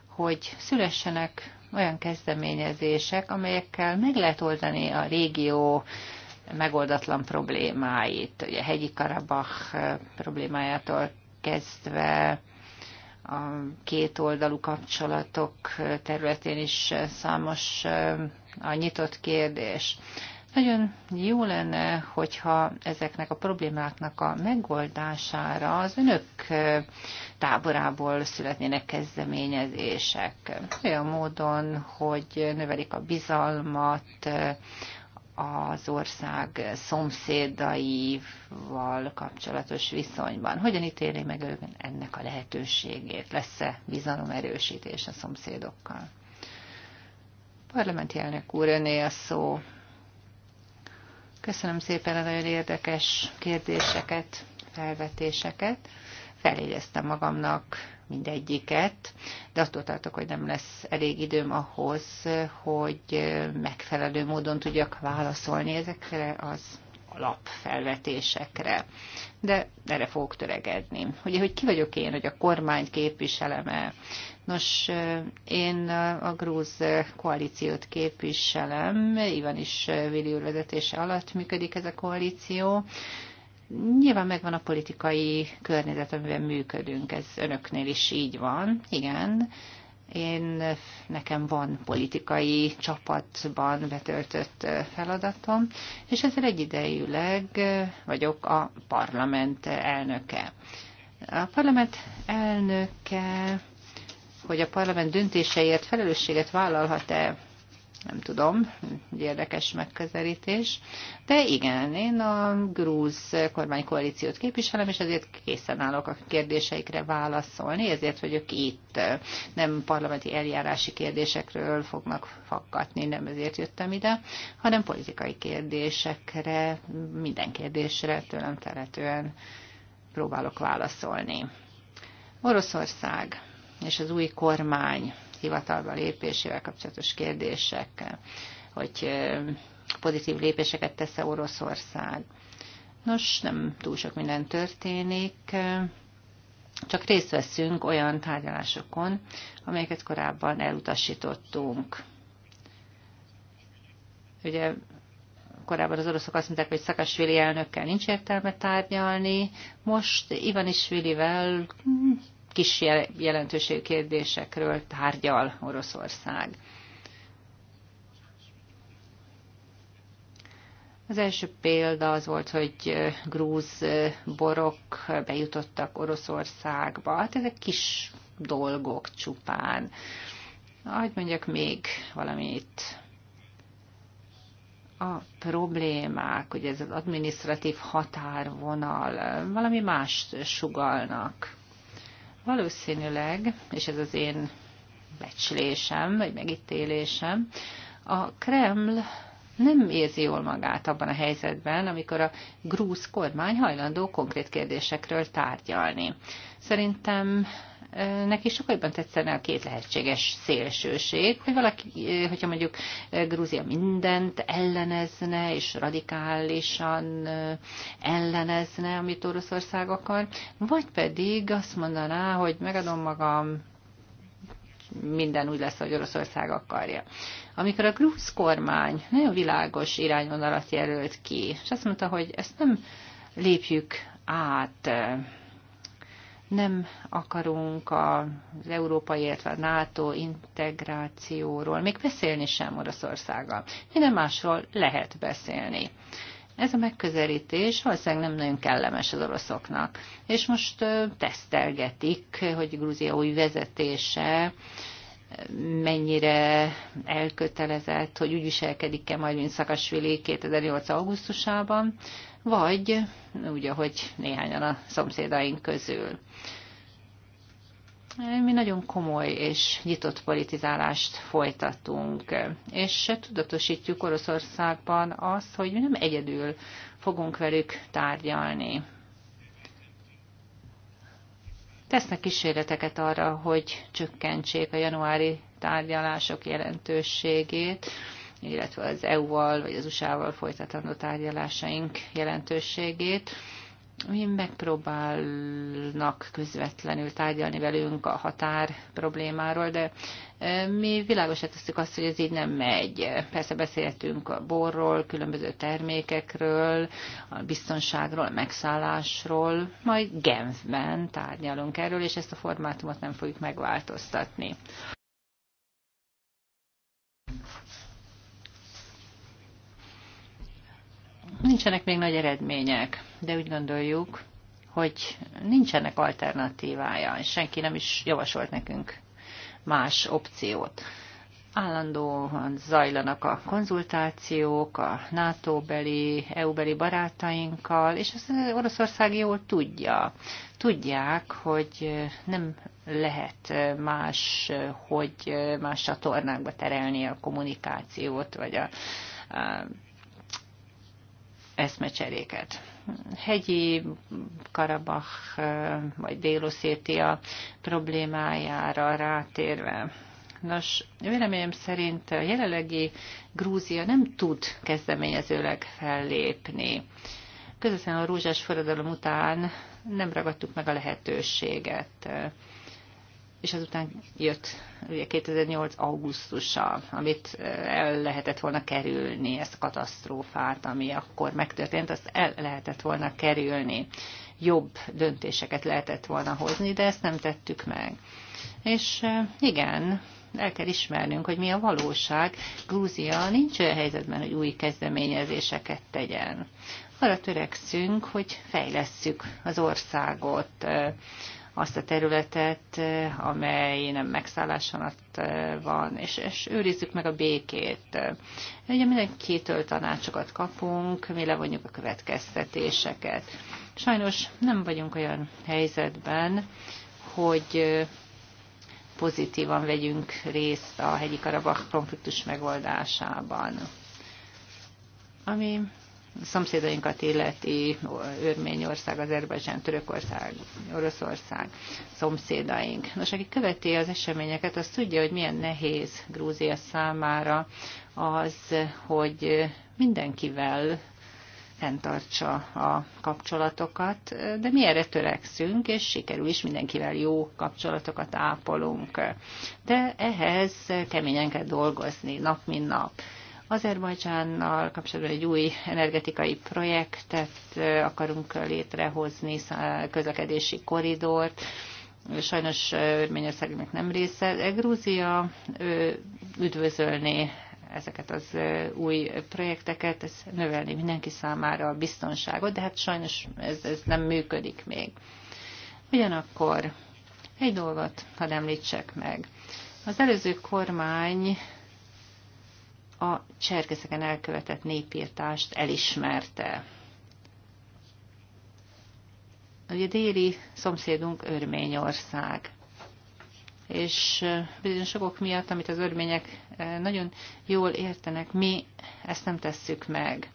hogy szülessenek olyan kezdeményezések, amelyekkel meg lehet oldani a régió megoldatlan problémáit, ugye hegyi Karabach problémájától kezdve a két oldalú kapcsolatok területén is számos a nyitott kérdés. Nagyon jó lenne, hogyha ezeknek a problémáknak a megoldására az önök táborából születnének kezdeményezések. Olyan módon, hogy növelik a bizalmat, az ország szomszédaival kapcsolatos viszonyban. Hogyan ítéli meg ő ennek a lehetőségét? Lesz-e bizalom erősítés a szomszédokkal? Parlamenti elnök úr, öné a szó. Köszönöm szépen a nagyon érdekes kérdéseket, felvetéseket. Feljegyeztem magamnak mindegyiket, de attól tartok, hogy nem lesz elég időm ahhoz, hogy megfelelő módon tudjak válaszolni ezekre az alapfelvetésekre. De erre fogok töregedni. Ugye, hogy ki vagyok én, hogy a kormány képviseleme? Nos, én a grúz koalíciót képviselem, Ivan is Vili úr vezetése alatt működik ez a koalíció. Nyilván megvan a politikai környezet, amiben működünk, ez önöknél is így van, igen én, nekem van politikai csapatban betöltött feladatom, és ezzel egyidejűleg vagyok a parlament elnöke. A parlament elnöke, hogy a parlament döntéseért felelősséget vállalhat-e, nem tudom, érdekes megközelítés. De igen, én a grúz kormánykoalíciót képviselem, és ezért készen állok a kérdéseikre válaszolni, ezért vagyok itt. Nem parlamenti eljárási kérdésekről fognak fakkatni, nem ezért jöttem ide, hanem politikai kérdésekre, minden kérdésre tőlem teretően próbálok válaszolni. Oroszország és az új kormány hivatalba lépésével kapcsolatos kérdések, hogy pozitív lépéseket tesz-e Oroszország. Nos, nem túl sok minden történik, csak részt veszünk olyan tárgyalásokon, amelyeket korábban elutasítottunk. Ugye korábban az oroszok azt mondták, hogy Szakasvili elnökkel nincs értelme tárgyalni, most Ivanisvilivel kis jelentőségű kérdésekről tárgyal Oroszország. Az első példa az volt, hogy grúz borok bejutottak Oroszországba. Hát ezek kis dolgok csupán. Hogy mondjak még valamit? A problémák, hogy ez az administratív határvonal, valami más sugalnak. Valószínűleg, és ez az én becslésem, vagy megítélésem, a Kreml nem érzi jól magát abban a helyzetben, amikor a grúz kormány hajlandó konkrét kérdésekről tárgyalni. Szerintem neki sokkal jobban tetszene a két lehetséges szélsőség, hogy valaki, hogyha mondjuk eh, Grúzia mindent ellenezne, és radikálisan eh, ellenezne, amit Oroszország akar, vagy pedig azt mondaná, hogy megadom magam, minden úgy lesz, hogy Oroszország akarja. Amikor a grúz kormány nagyon világos irányvonalat jelölt ki, és azt mondta, hogy ezt nem lépjük át, eh, nem akarunk az európai, illetve a NATO integrációról még beszélni sem Oroszországgal. Minden másról lehet beszélni. Ez a megközelítés valószínűleg nem nagyon kellemes az oroszoknak. És most tesztelgetik, hogy Grúzia új vezetése mennyire elkötelezett, hogy úgy viselkedik-e majd, mint Szakasvili 2008. augusztusában vagy úgy, ahogy néhányan a szomszédaink közül. Mi nagyon komoly és nyitott politizálást folytatunk, és tudatosítjuk Oroszországban azt, hogy mi nem egyedül fogunk velük tárgyalni. Tesznek kísérleteket arra, hogy csökkentsék a januári tárgyalások jelentőségét, illetve az EU-val vagy az USA-val folytatandó tárgyalásaink jelentőségét. Mi megpróbálnak közvetlenül tárgyalni velünk a határ problémáról, de e, mi világosra tesszük azt, hogy ez így nem megy. Persze beszéltünk a borról, különböző termékekről, a biztonságról, a megszállásról, majd Genfben tárgyalunk erről, és ezt a formátumot nem fogjuk megváltoztatni. Nincsenek még nagy eredmények, de úgy gondoljuk, hogy nincsenek alternatívája, és senki nem is javasolt nekünk más opciót. Állandóan zajlanak a konzultációk a NATO-beli, EU-beli barátainkkal, és ezt Oroszország jól tudja. Tudják, hogy nem lehet más, hogy más csatornákba terelni a kommunikációt, vagy a, a eszmecseréket. Hegyi Karabach vagy Déloszétia problémájára rátérve. Nos, véleményem szerint a jelenlegi Grúzia nem tud kezdeményezőleg fellépni. Közösen a rózsás forradalom után nem ragadtuk meg a lehetőséget és azután jött ugye 2008. augusztusa, amit el lehetett volna kerülni, ezt a katasztrófát, ami akkor megtörtént, azt el lehetett volna kerülni. Jobb döntéseket lehetett volna hozni, de ezt nem tettük meg. És igen, el kell ismernünk, hogy mi a valóság. Grúzia nincs olyan helyzetben, hogy új kezdeményezéseket tegyen. Arra törekszünk, hogy fejlesszük az országot, azt a területet, amely nem megszállás alatt eh, van, és, és őrizzük meg a békét. Ugye mindenkitől tanácsokat kapunk, mi levonjuk a következtetéseket. Sajnos nem vagyunk olyan helyzetben, hogy eh, pozitívan vegyünk részt a hegyi Karabakh konfliktus megoldásában. Ami szomszédainkat illeti Örményország, Azerbajdzsán, Törökország, Oroszország szomszédaink. Nos, aki követi az eseményeket, az tudja, hogy milyen nehéz Grúzia számára az, hogy mindenkivel fenntartsa a kapcsolatokat, de mi erre törekszünk, és sikerül is mindenkivel jó kapcsolatokat ápolunk. De ehhez keményen kell dolgozni nap, mint nap. Azerbajcsánnal kapcsolatban egy új energetikai projektet akarunk létrehozni, közlekedési koridort, sajnos Örményországnak nem része. E, Grúzia üdvözölné ezeket az új projekteket, ez növelni mindenki számára a biztonságot, de hát sajnos ez, ez nem működik még. Ugyanakkor egy dolgot hadd említsek meg. Az előző kormány a cserkeszeken elkövetett népírtást elismerte. Ugye déli szomszédunk Örményország, és bizonyos okok miatt, amit az örmények nagyon jól értenek, mi ezt nem tesszük meg.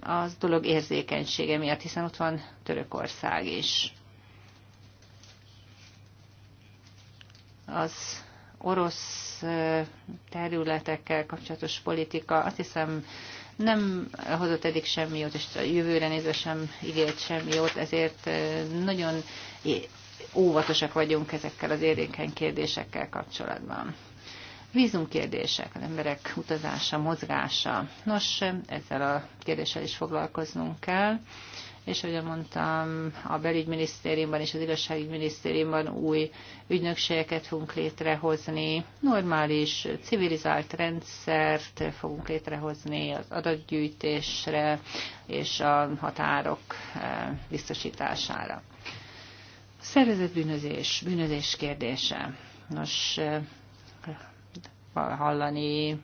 Az dolog érzékenysége miatt, hiszen ott van Törökország is. Az orosz területekkel kapcsolatos politika azt hiszem nem hozott eddig semmi jót, és a jövőre nézve sem ígért semmi jót, ezért nagyon óvatosak vagyunk ezekkel az érdekeny kérdésekkel kapcsolatban. Vízum kérdések, az emberek utazása, mozgása. Nos, ezzel a kérdéssel is foglalkoznunk kell és ahogy mondtam, a belügyminisztériumban és az igazságügyminisztériumban új ügynökségeket fogunk létrehozni, normális, civilizált rendszert fogunk létrehozni az adatgyűjtésre és a határok eh, biztosítására. Szervezett bűnözés, bűnözés kérdése. Nos, eh, hallani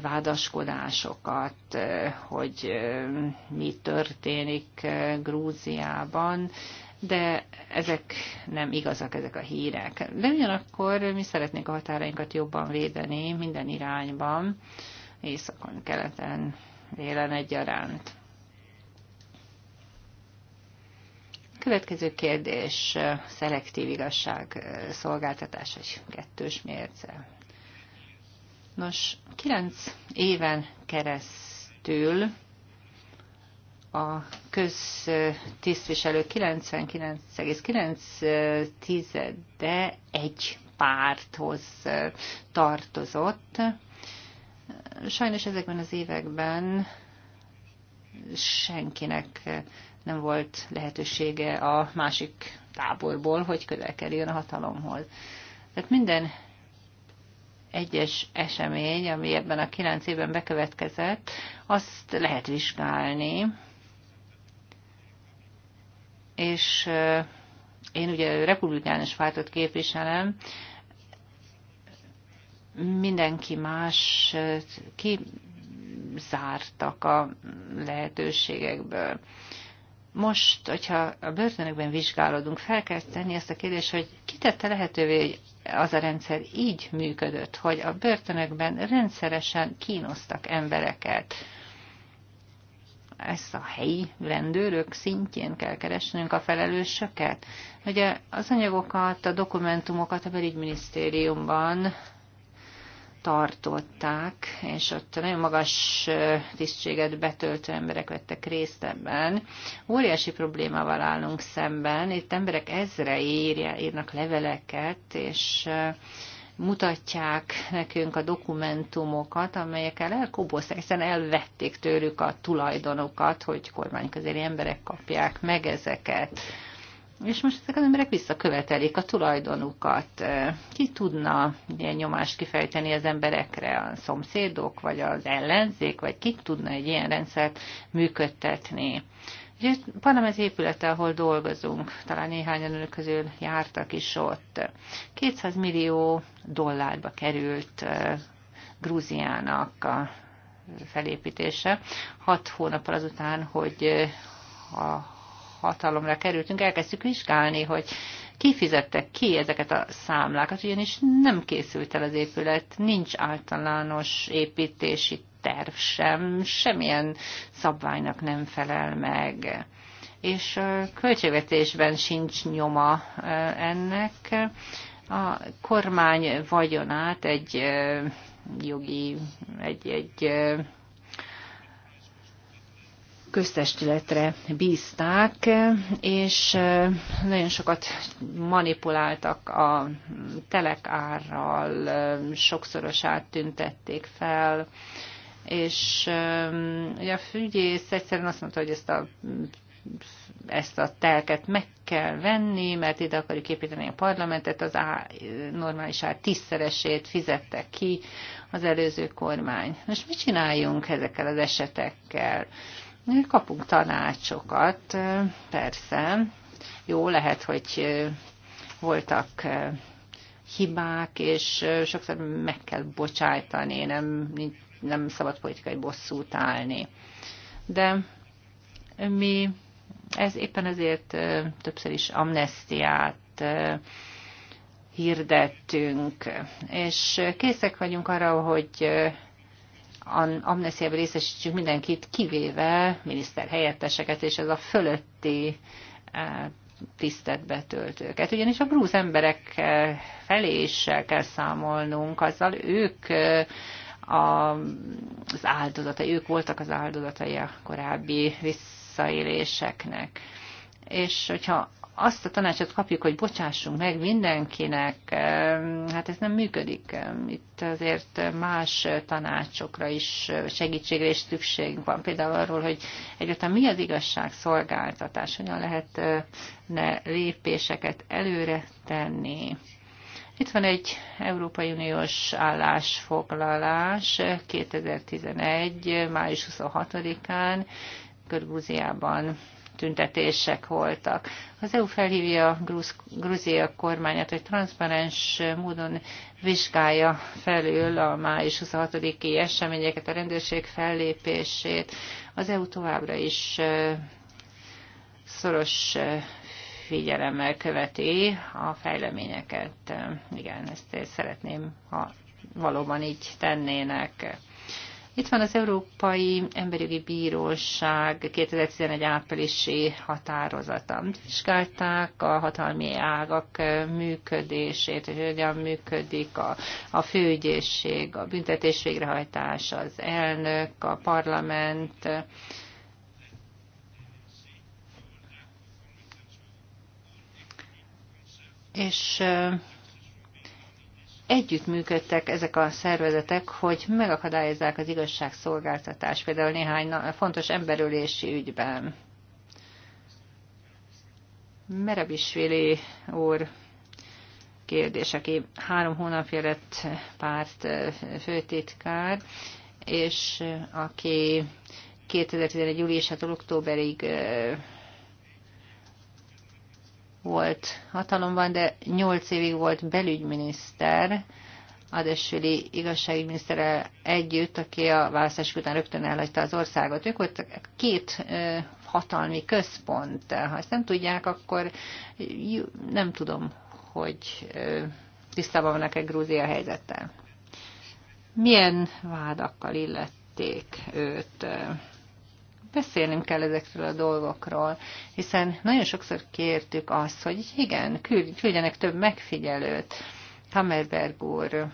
vádaskodásokat, hogy mi történik Grúziában, de ezek nem igazak, ezek a hírek. De ugyanakkor mi szeretnénk a határainkat jobban védeni minden irányban, északon, keleten, délen egyaránt. Következő kérdés, szelektív igazság szolgáltatás, egy kettős mérce. Nos, kilenc éven keresztül a köztisztviselő 99,9-de egy párthoz tartozott. Sajnos ezekben az években senkinek nem volt lehetősége a másik táborból, hogy közel kerüljön a hatalomhoz. Tehát minden egyes esemény, ami ebben a kilenc évben bekövetkezett, azt lehet vizsgálni, és eh, én ugye republikánus pártot képviselem, mindenki más eh, kizártak a lehetőségekből. Most, hogyha a börtönökben vizsgálódunk, fel kell tenni ezt a kérdést, hogy ki tette lehetővé, hogy az a rendszer így működött, hogy a börtönökben rendszeresen kínoztak embereket. Ezt a helyi rendőrök szintjén kell keresnünk a felelősöket. Ugye az anyagokat, a dokumentumokat a belügyminisztériumban tartották, és ott nagyon magas tisztséget betöltő emberek vettek részt ebben. Óriási problémával állunk szemben, itt emberek ezre írja, írnak leveleket, és mutatják nekünk a dokumentumokat, amelyekkel elkobozták, hiszen elvették tőlük a tulajdonokat, hogy kormányközeli emberek kapják meg ezeket. És most ezek az emberek visszakövetelik a tulajdonukat. Ki tudna ilyen nyomást kifejteni az emberekre? A szomszédok, vagy az ellenzék, vagy ki tudna egy ilyen rendszert működtetni? Ugye van az épülete, ahol dolgozunk, talán néhányan önök közül jártak is ott. 200 millió dollárba került eh, Grúziának a felépítése. Hat hónap azután, hogy eh, a hatalomra kerültünk, elkezdtük vizsgálni, hogy ki fizette ki ezeket a számlákat, ugyanis nem készült el az épület, nincs általános építési terv sem, semmilyen szabványnak nem felel meg. És költségvetésben sincs nyoma ennek. A kormány vagyonát egy jogi, egy, egy köztestületre bízták, és nagyon sokat manipuláltak a telekárral, sokszorosát tüntették fel, és ugye a fügyész egyszerűen azt mondta, hogy ezt a ezt a telket meg kell venni, mert ide akarjuk építeni a parlamentet, az á, normális ár tízszeresét fizette ki az előző kormány. Most mit csináljunk ezekkel az esetekkel? Kapunk tanácsokat, persze. Jó, lehet, hogy voltak hibák, és sokszor meg kell bocsájtani, nem, nem szabad politikai bosszút állni. De mi ez éppen ezért többször is amnestiát hirdettünk, és készek vagyunk arra, hogy amnesziában részesítsünk mindenkit, kivéve miniszter helyetteseket és ez a fölötti e, tisztet betöltőket. Ugyanis a grúz emberek felé is kell számolnunk, azzal ők e, a, az áldozatai, ők voltak az áldozatai a korábbi visszaéléseknek. És hogyha azt a tanácsot kapjuk, hogy bocsássunk meg mindenkinek, hát ez nem működik. Itt azért más tanácsokra is segítségre is szükségünk van. Például arról, hogy egyáltalán mi az igazság szolgáltatás, hogyan lehetne lépéseket előre tenni. Itt van egy Európai Uniós állásfoglalás 2011. május 26-án, Körgúziában tüntetések voltak. Az EU felhívja a Grúz, Grúzia kormányát, hogy transzparens módon vizsgálja felül a május 26-i eseményeket, a rendőrség fellépését. Az EU továbbra is szoros figyelemmel követi a fejleményeket. Igen, ezt szeretném, ha valóban így tennének. Itt van az Európai Emberjogi Bíróság 2011 áprilisi határozata. Vizsgálták a hatalmi ágak működését, hogy hogyan működik a, a főügyészség, a büntetés végrehajtása, az elnök, a parlament, és együttműködtek ezek a szervezetek, hogy megakadályozzák az igazságszolgáltatást, például néhány fontos emberölési ügyben. Merebisvili úr kérdés, aki három hónapja lett párt főtitkár, és aki 2011. júliusától októberig volt hatalomban, de nyolc évig volt belügyminiszter, Adesüli igazságügyminiszterrel együtt, aki a választás után rögtön elhagyta az országot. Ők voltak két hatalmi központ. Ha ezt nem tudják, akkor nem tudom, hogy tisztában vannak-e Grúzia helyzettel. Milyen vádakkal illették őt? beszélnünk kell ezekről a dolgokról, hiszen nagyon sokszor kértük azt, hogy igen, küldjenek több megfigyelőt. Hammerberg úr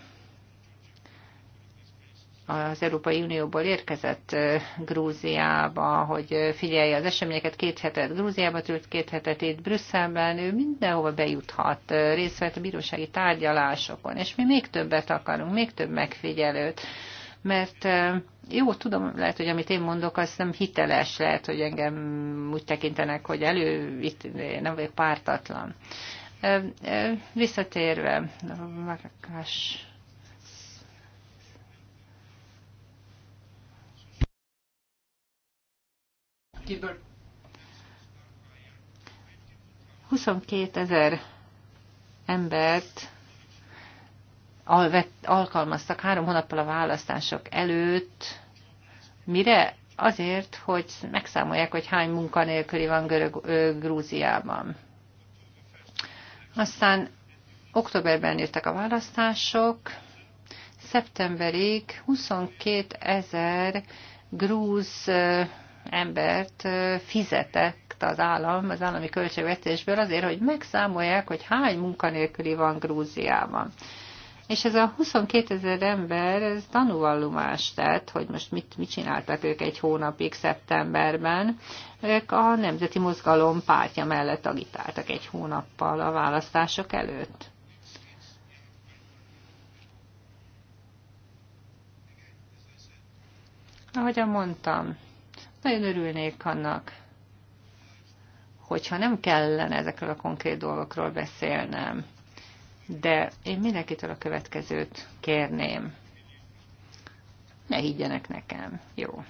az Európai Unióból érkezett Grúziába, hogy figyelje az eseményeket, két hetet Grúziába tült, két hetet itt Brüsszelben, ő mindenhova bejuthat, részt vett a bírósági tárgyalásokon, és mi még többet akarunk, még több megfigyelőt mert eh, jó, tudom, lehet, hogy amit én mondok, az nem hiteles, lehet, hogy engem úgy tekintenek, hogy elő, itt nem vagyok pártatlan. Eh, eh, visszatérve, Markás Kiből? 22 ezer embert alkalmaztak három hónappal a választások előtt. Mire? Azért, hogy megszámolják, hogy hány munkanélküli van Görög, Grúziában. Aztán októberben jöttek a választások, szeptemberig 22 ezer grúz embert fizetett az állam, az állami költségvetésből azért, hogy megszámolják, hogy hány munkanélküli van Grúziában. És ez a 22 ezer ember, ez tanúvallomás, tett, hogy most mit, mit csináltak ők egy hónapig szeptemberben. Ők a Nemzeti Mozgalom pártja mellett agitáltak egy hónappal a választások előtt. Ahogyan mondtam, nagyon örülnék annak, hogyha nem kellene ezekről a konkrét dolgokról beszélnem, de én mindenkitől a következőt kérném. Ne higgyenek nekem. Jó.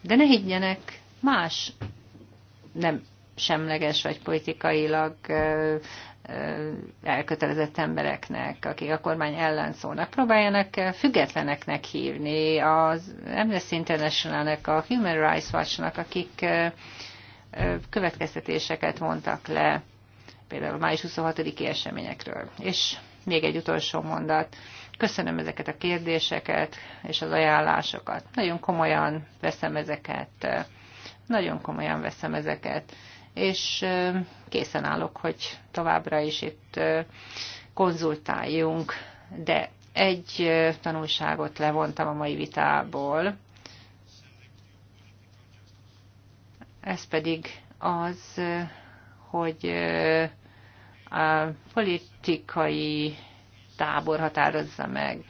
De ne higgyenek más nem semleges vagy politikailag elkötelezett embereknek, akik a kormány ellen szólnak, próbáljanak függetleneknek hívni az Amnesty Internationalnek, a Human Rights Watch-nak, akik következtetéseket mondtak le például a május 26-i eseményekről. És még egy utolsó mondat. Köszönöm ezeket a kérdéseket és az ajánlásokat. Nagyon komolyan veszem ezeket. Nagyon komolyan veszem ezeket. És készen állok, hogy továbbra is itt konzultáljunk, de egy tanulságot levontam a mai vitából, ez pedig az, hogy a politikai tábor határozza meg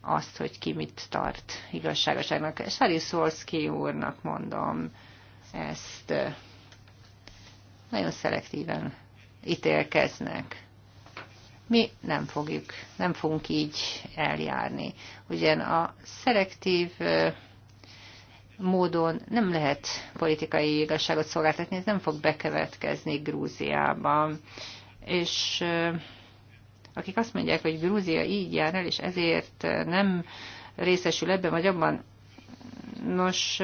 azt, hogy ki mit tart igazságoságnak. Sari Szolszki úrnak mondom ezt. Nagyon szelektíven ítélkeznek. Mi nem fogjuk, nem fogunk így eljárni. Ugyan a szelektív módon nem lehet politikai igazságot szolgáltatni, ez nem fog bekövetkezni Grúziában és akik azt mondják, hogy Grúzia így jár el, és ezért nem részesül ebben vagy abban, nos,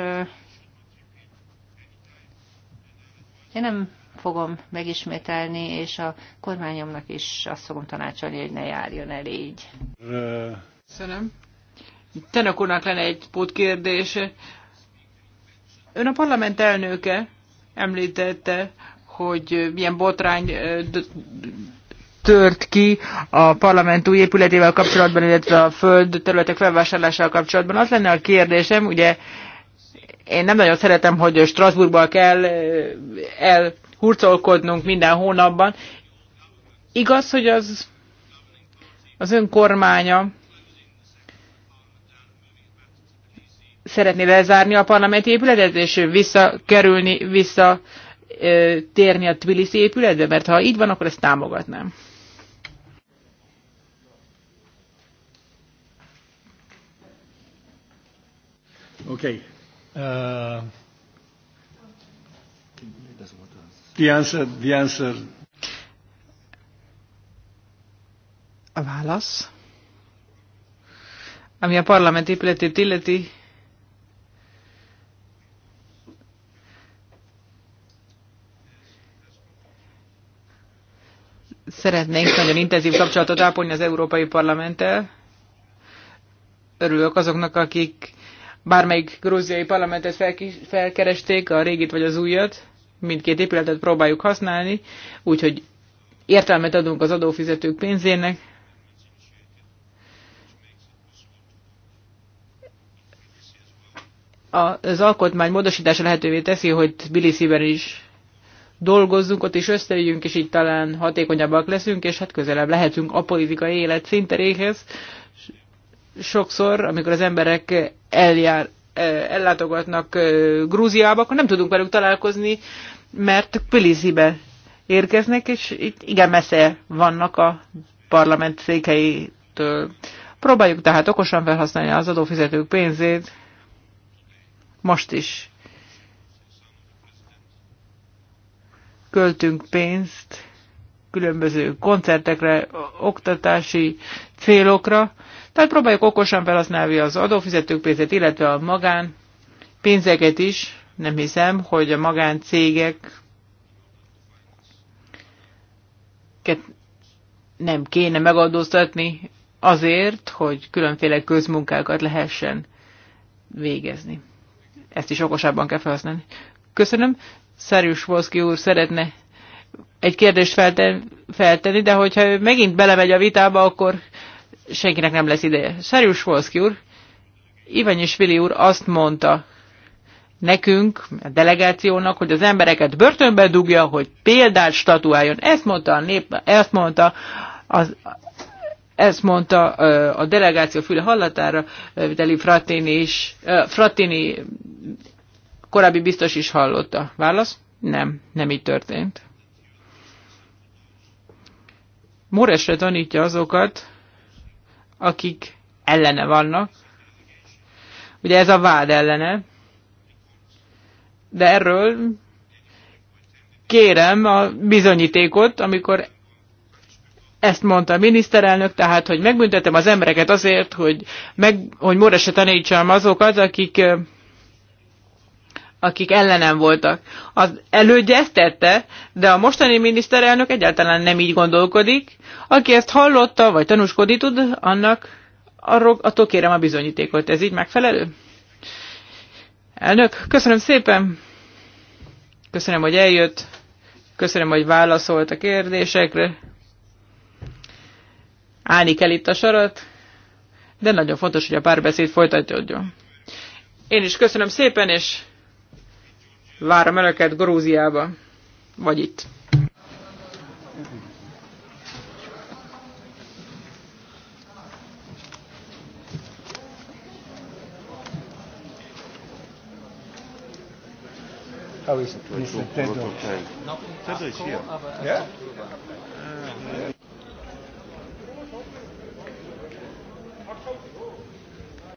én nem fogom megismételni, és a kormányomnak is azt fogom tanácsolni, hogy ne járjon el így. Köszönöm. Tenek úrnak lenne egy pótkérdés. Ön a parlament elnöke említette, hogy milyen botrány tört ki a parlament új épületével kapcsolatban, illetve a föld területek felvásárlásával kapcsolatban. Az lenne a kérdésem, ugye én nem nagyon szeretem, hogy Strasbourgban kell elhurcolkodnunk minden hónapban. Igaz, hogy az, az önkormánya szeretné lezárni a parlamenti épületet, és visszakerülni, vissza ö, térni a Tbilisi épületbe? Mert ha így van, akkor ezt támogatnám. Oké. Okay. Uh, the answer, the answer. A válasz. Ami a parlament épületét illeti, Szeretnénk nagyon intenzív kapcsolatot ápolni az Európai Parlamenttel. Örülök azoknak, akik bármelyik grúziai parlamentet felkeresték, a régit vagy az újat. Mindkét épületet próbáljuk használni, úgyhogy értelmet adunk az adófizetők pénzének. Az alkotmány módosítása lehetővé teszi, hogy Billy ben is dolgozzunk, ott is összejöjjünk, és így talán hatékonyabbak leszünk, és hát közelebb lehetünk a politikai élet szinteréhez. Sokszor, amikor az emberek eljár, e, ellátogatnak e, Grúziába, akkor nem tudunk velük találkozni, mert Pilisibe érkeznek, és itt igen messze vannak a parlament székeitől. Próbáljuk tehát okosan felhasználni az adófizetők pénzét, most is költünk pénzt különböző koncertekre, oktatási célokra, tehát próbáljuk okosan felhasználni az adófizetők pénzét, illetve a magán pénzeket is. Nem hiszem, hogy a magáncégek nem kéne megadóztatni azért, hogy különféle közmunkákat lehessen végezni. Ezt is okosabban kell felhasználni. Köszönöm. Szarjus Voszki úr szeretne egy kérdést feltenni, de hogyha ő megint belemegy a vitába, akkor senkinek nem lesz ideje. Szarjus Voszki úr, Ivanyisvili úr azt mondta nekünk, a delegációnak, hogy az embereket börtönbe dugja, hogy példát statuáljon. Ezt mondta a nép, ezt mondta az, ezt mondta a delegáció füle hallatára, Vitali fratini is, fratini korábbi biztos is hallotta. Válasz? Nem, nem így történt. Móresre tanítja azokat, akik ellene vannak. Ugye ez a vád ellene. De erről kérem a bizonyítékot, amikor ezt mondta a miniszterelnök, tehát, hogy megbüntetem az embereket azért, hogy, meg, hogy Móresre tanítsam azokat, akik akik ellenem voltak. Az elődje ezt tette, de a mostani miniszterelnök egyáltalán nem így gondolkodik. Aki ezt hallotta, vagy tanúskodni tud, annak arról, attól kérem a bizonyítékot. Ez így megfelelő? Elnök, köszönöm szépen! Köszönöm, hogy eljött. Köszönöm, hogy válaszolt a kérdésekre. Állni kell itt a sarat, de nagyon fontos, hogy a párbeszéd folytatódjon. Én is köszönöm szépen, és Várom önöket Grúziába, vagy itt. How is it? is here. Uh, yeah?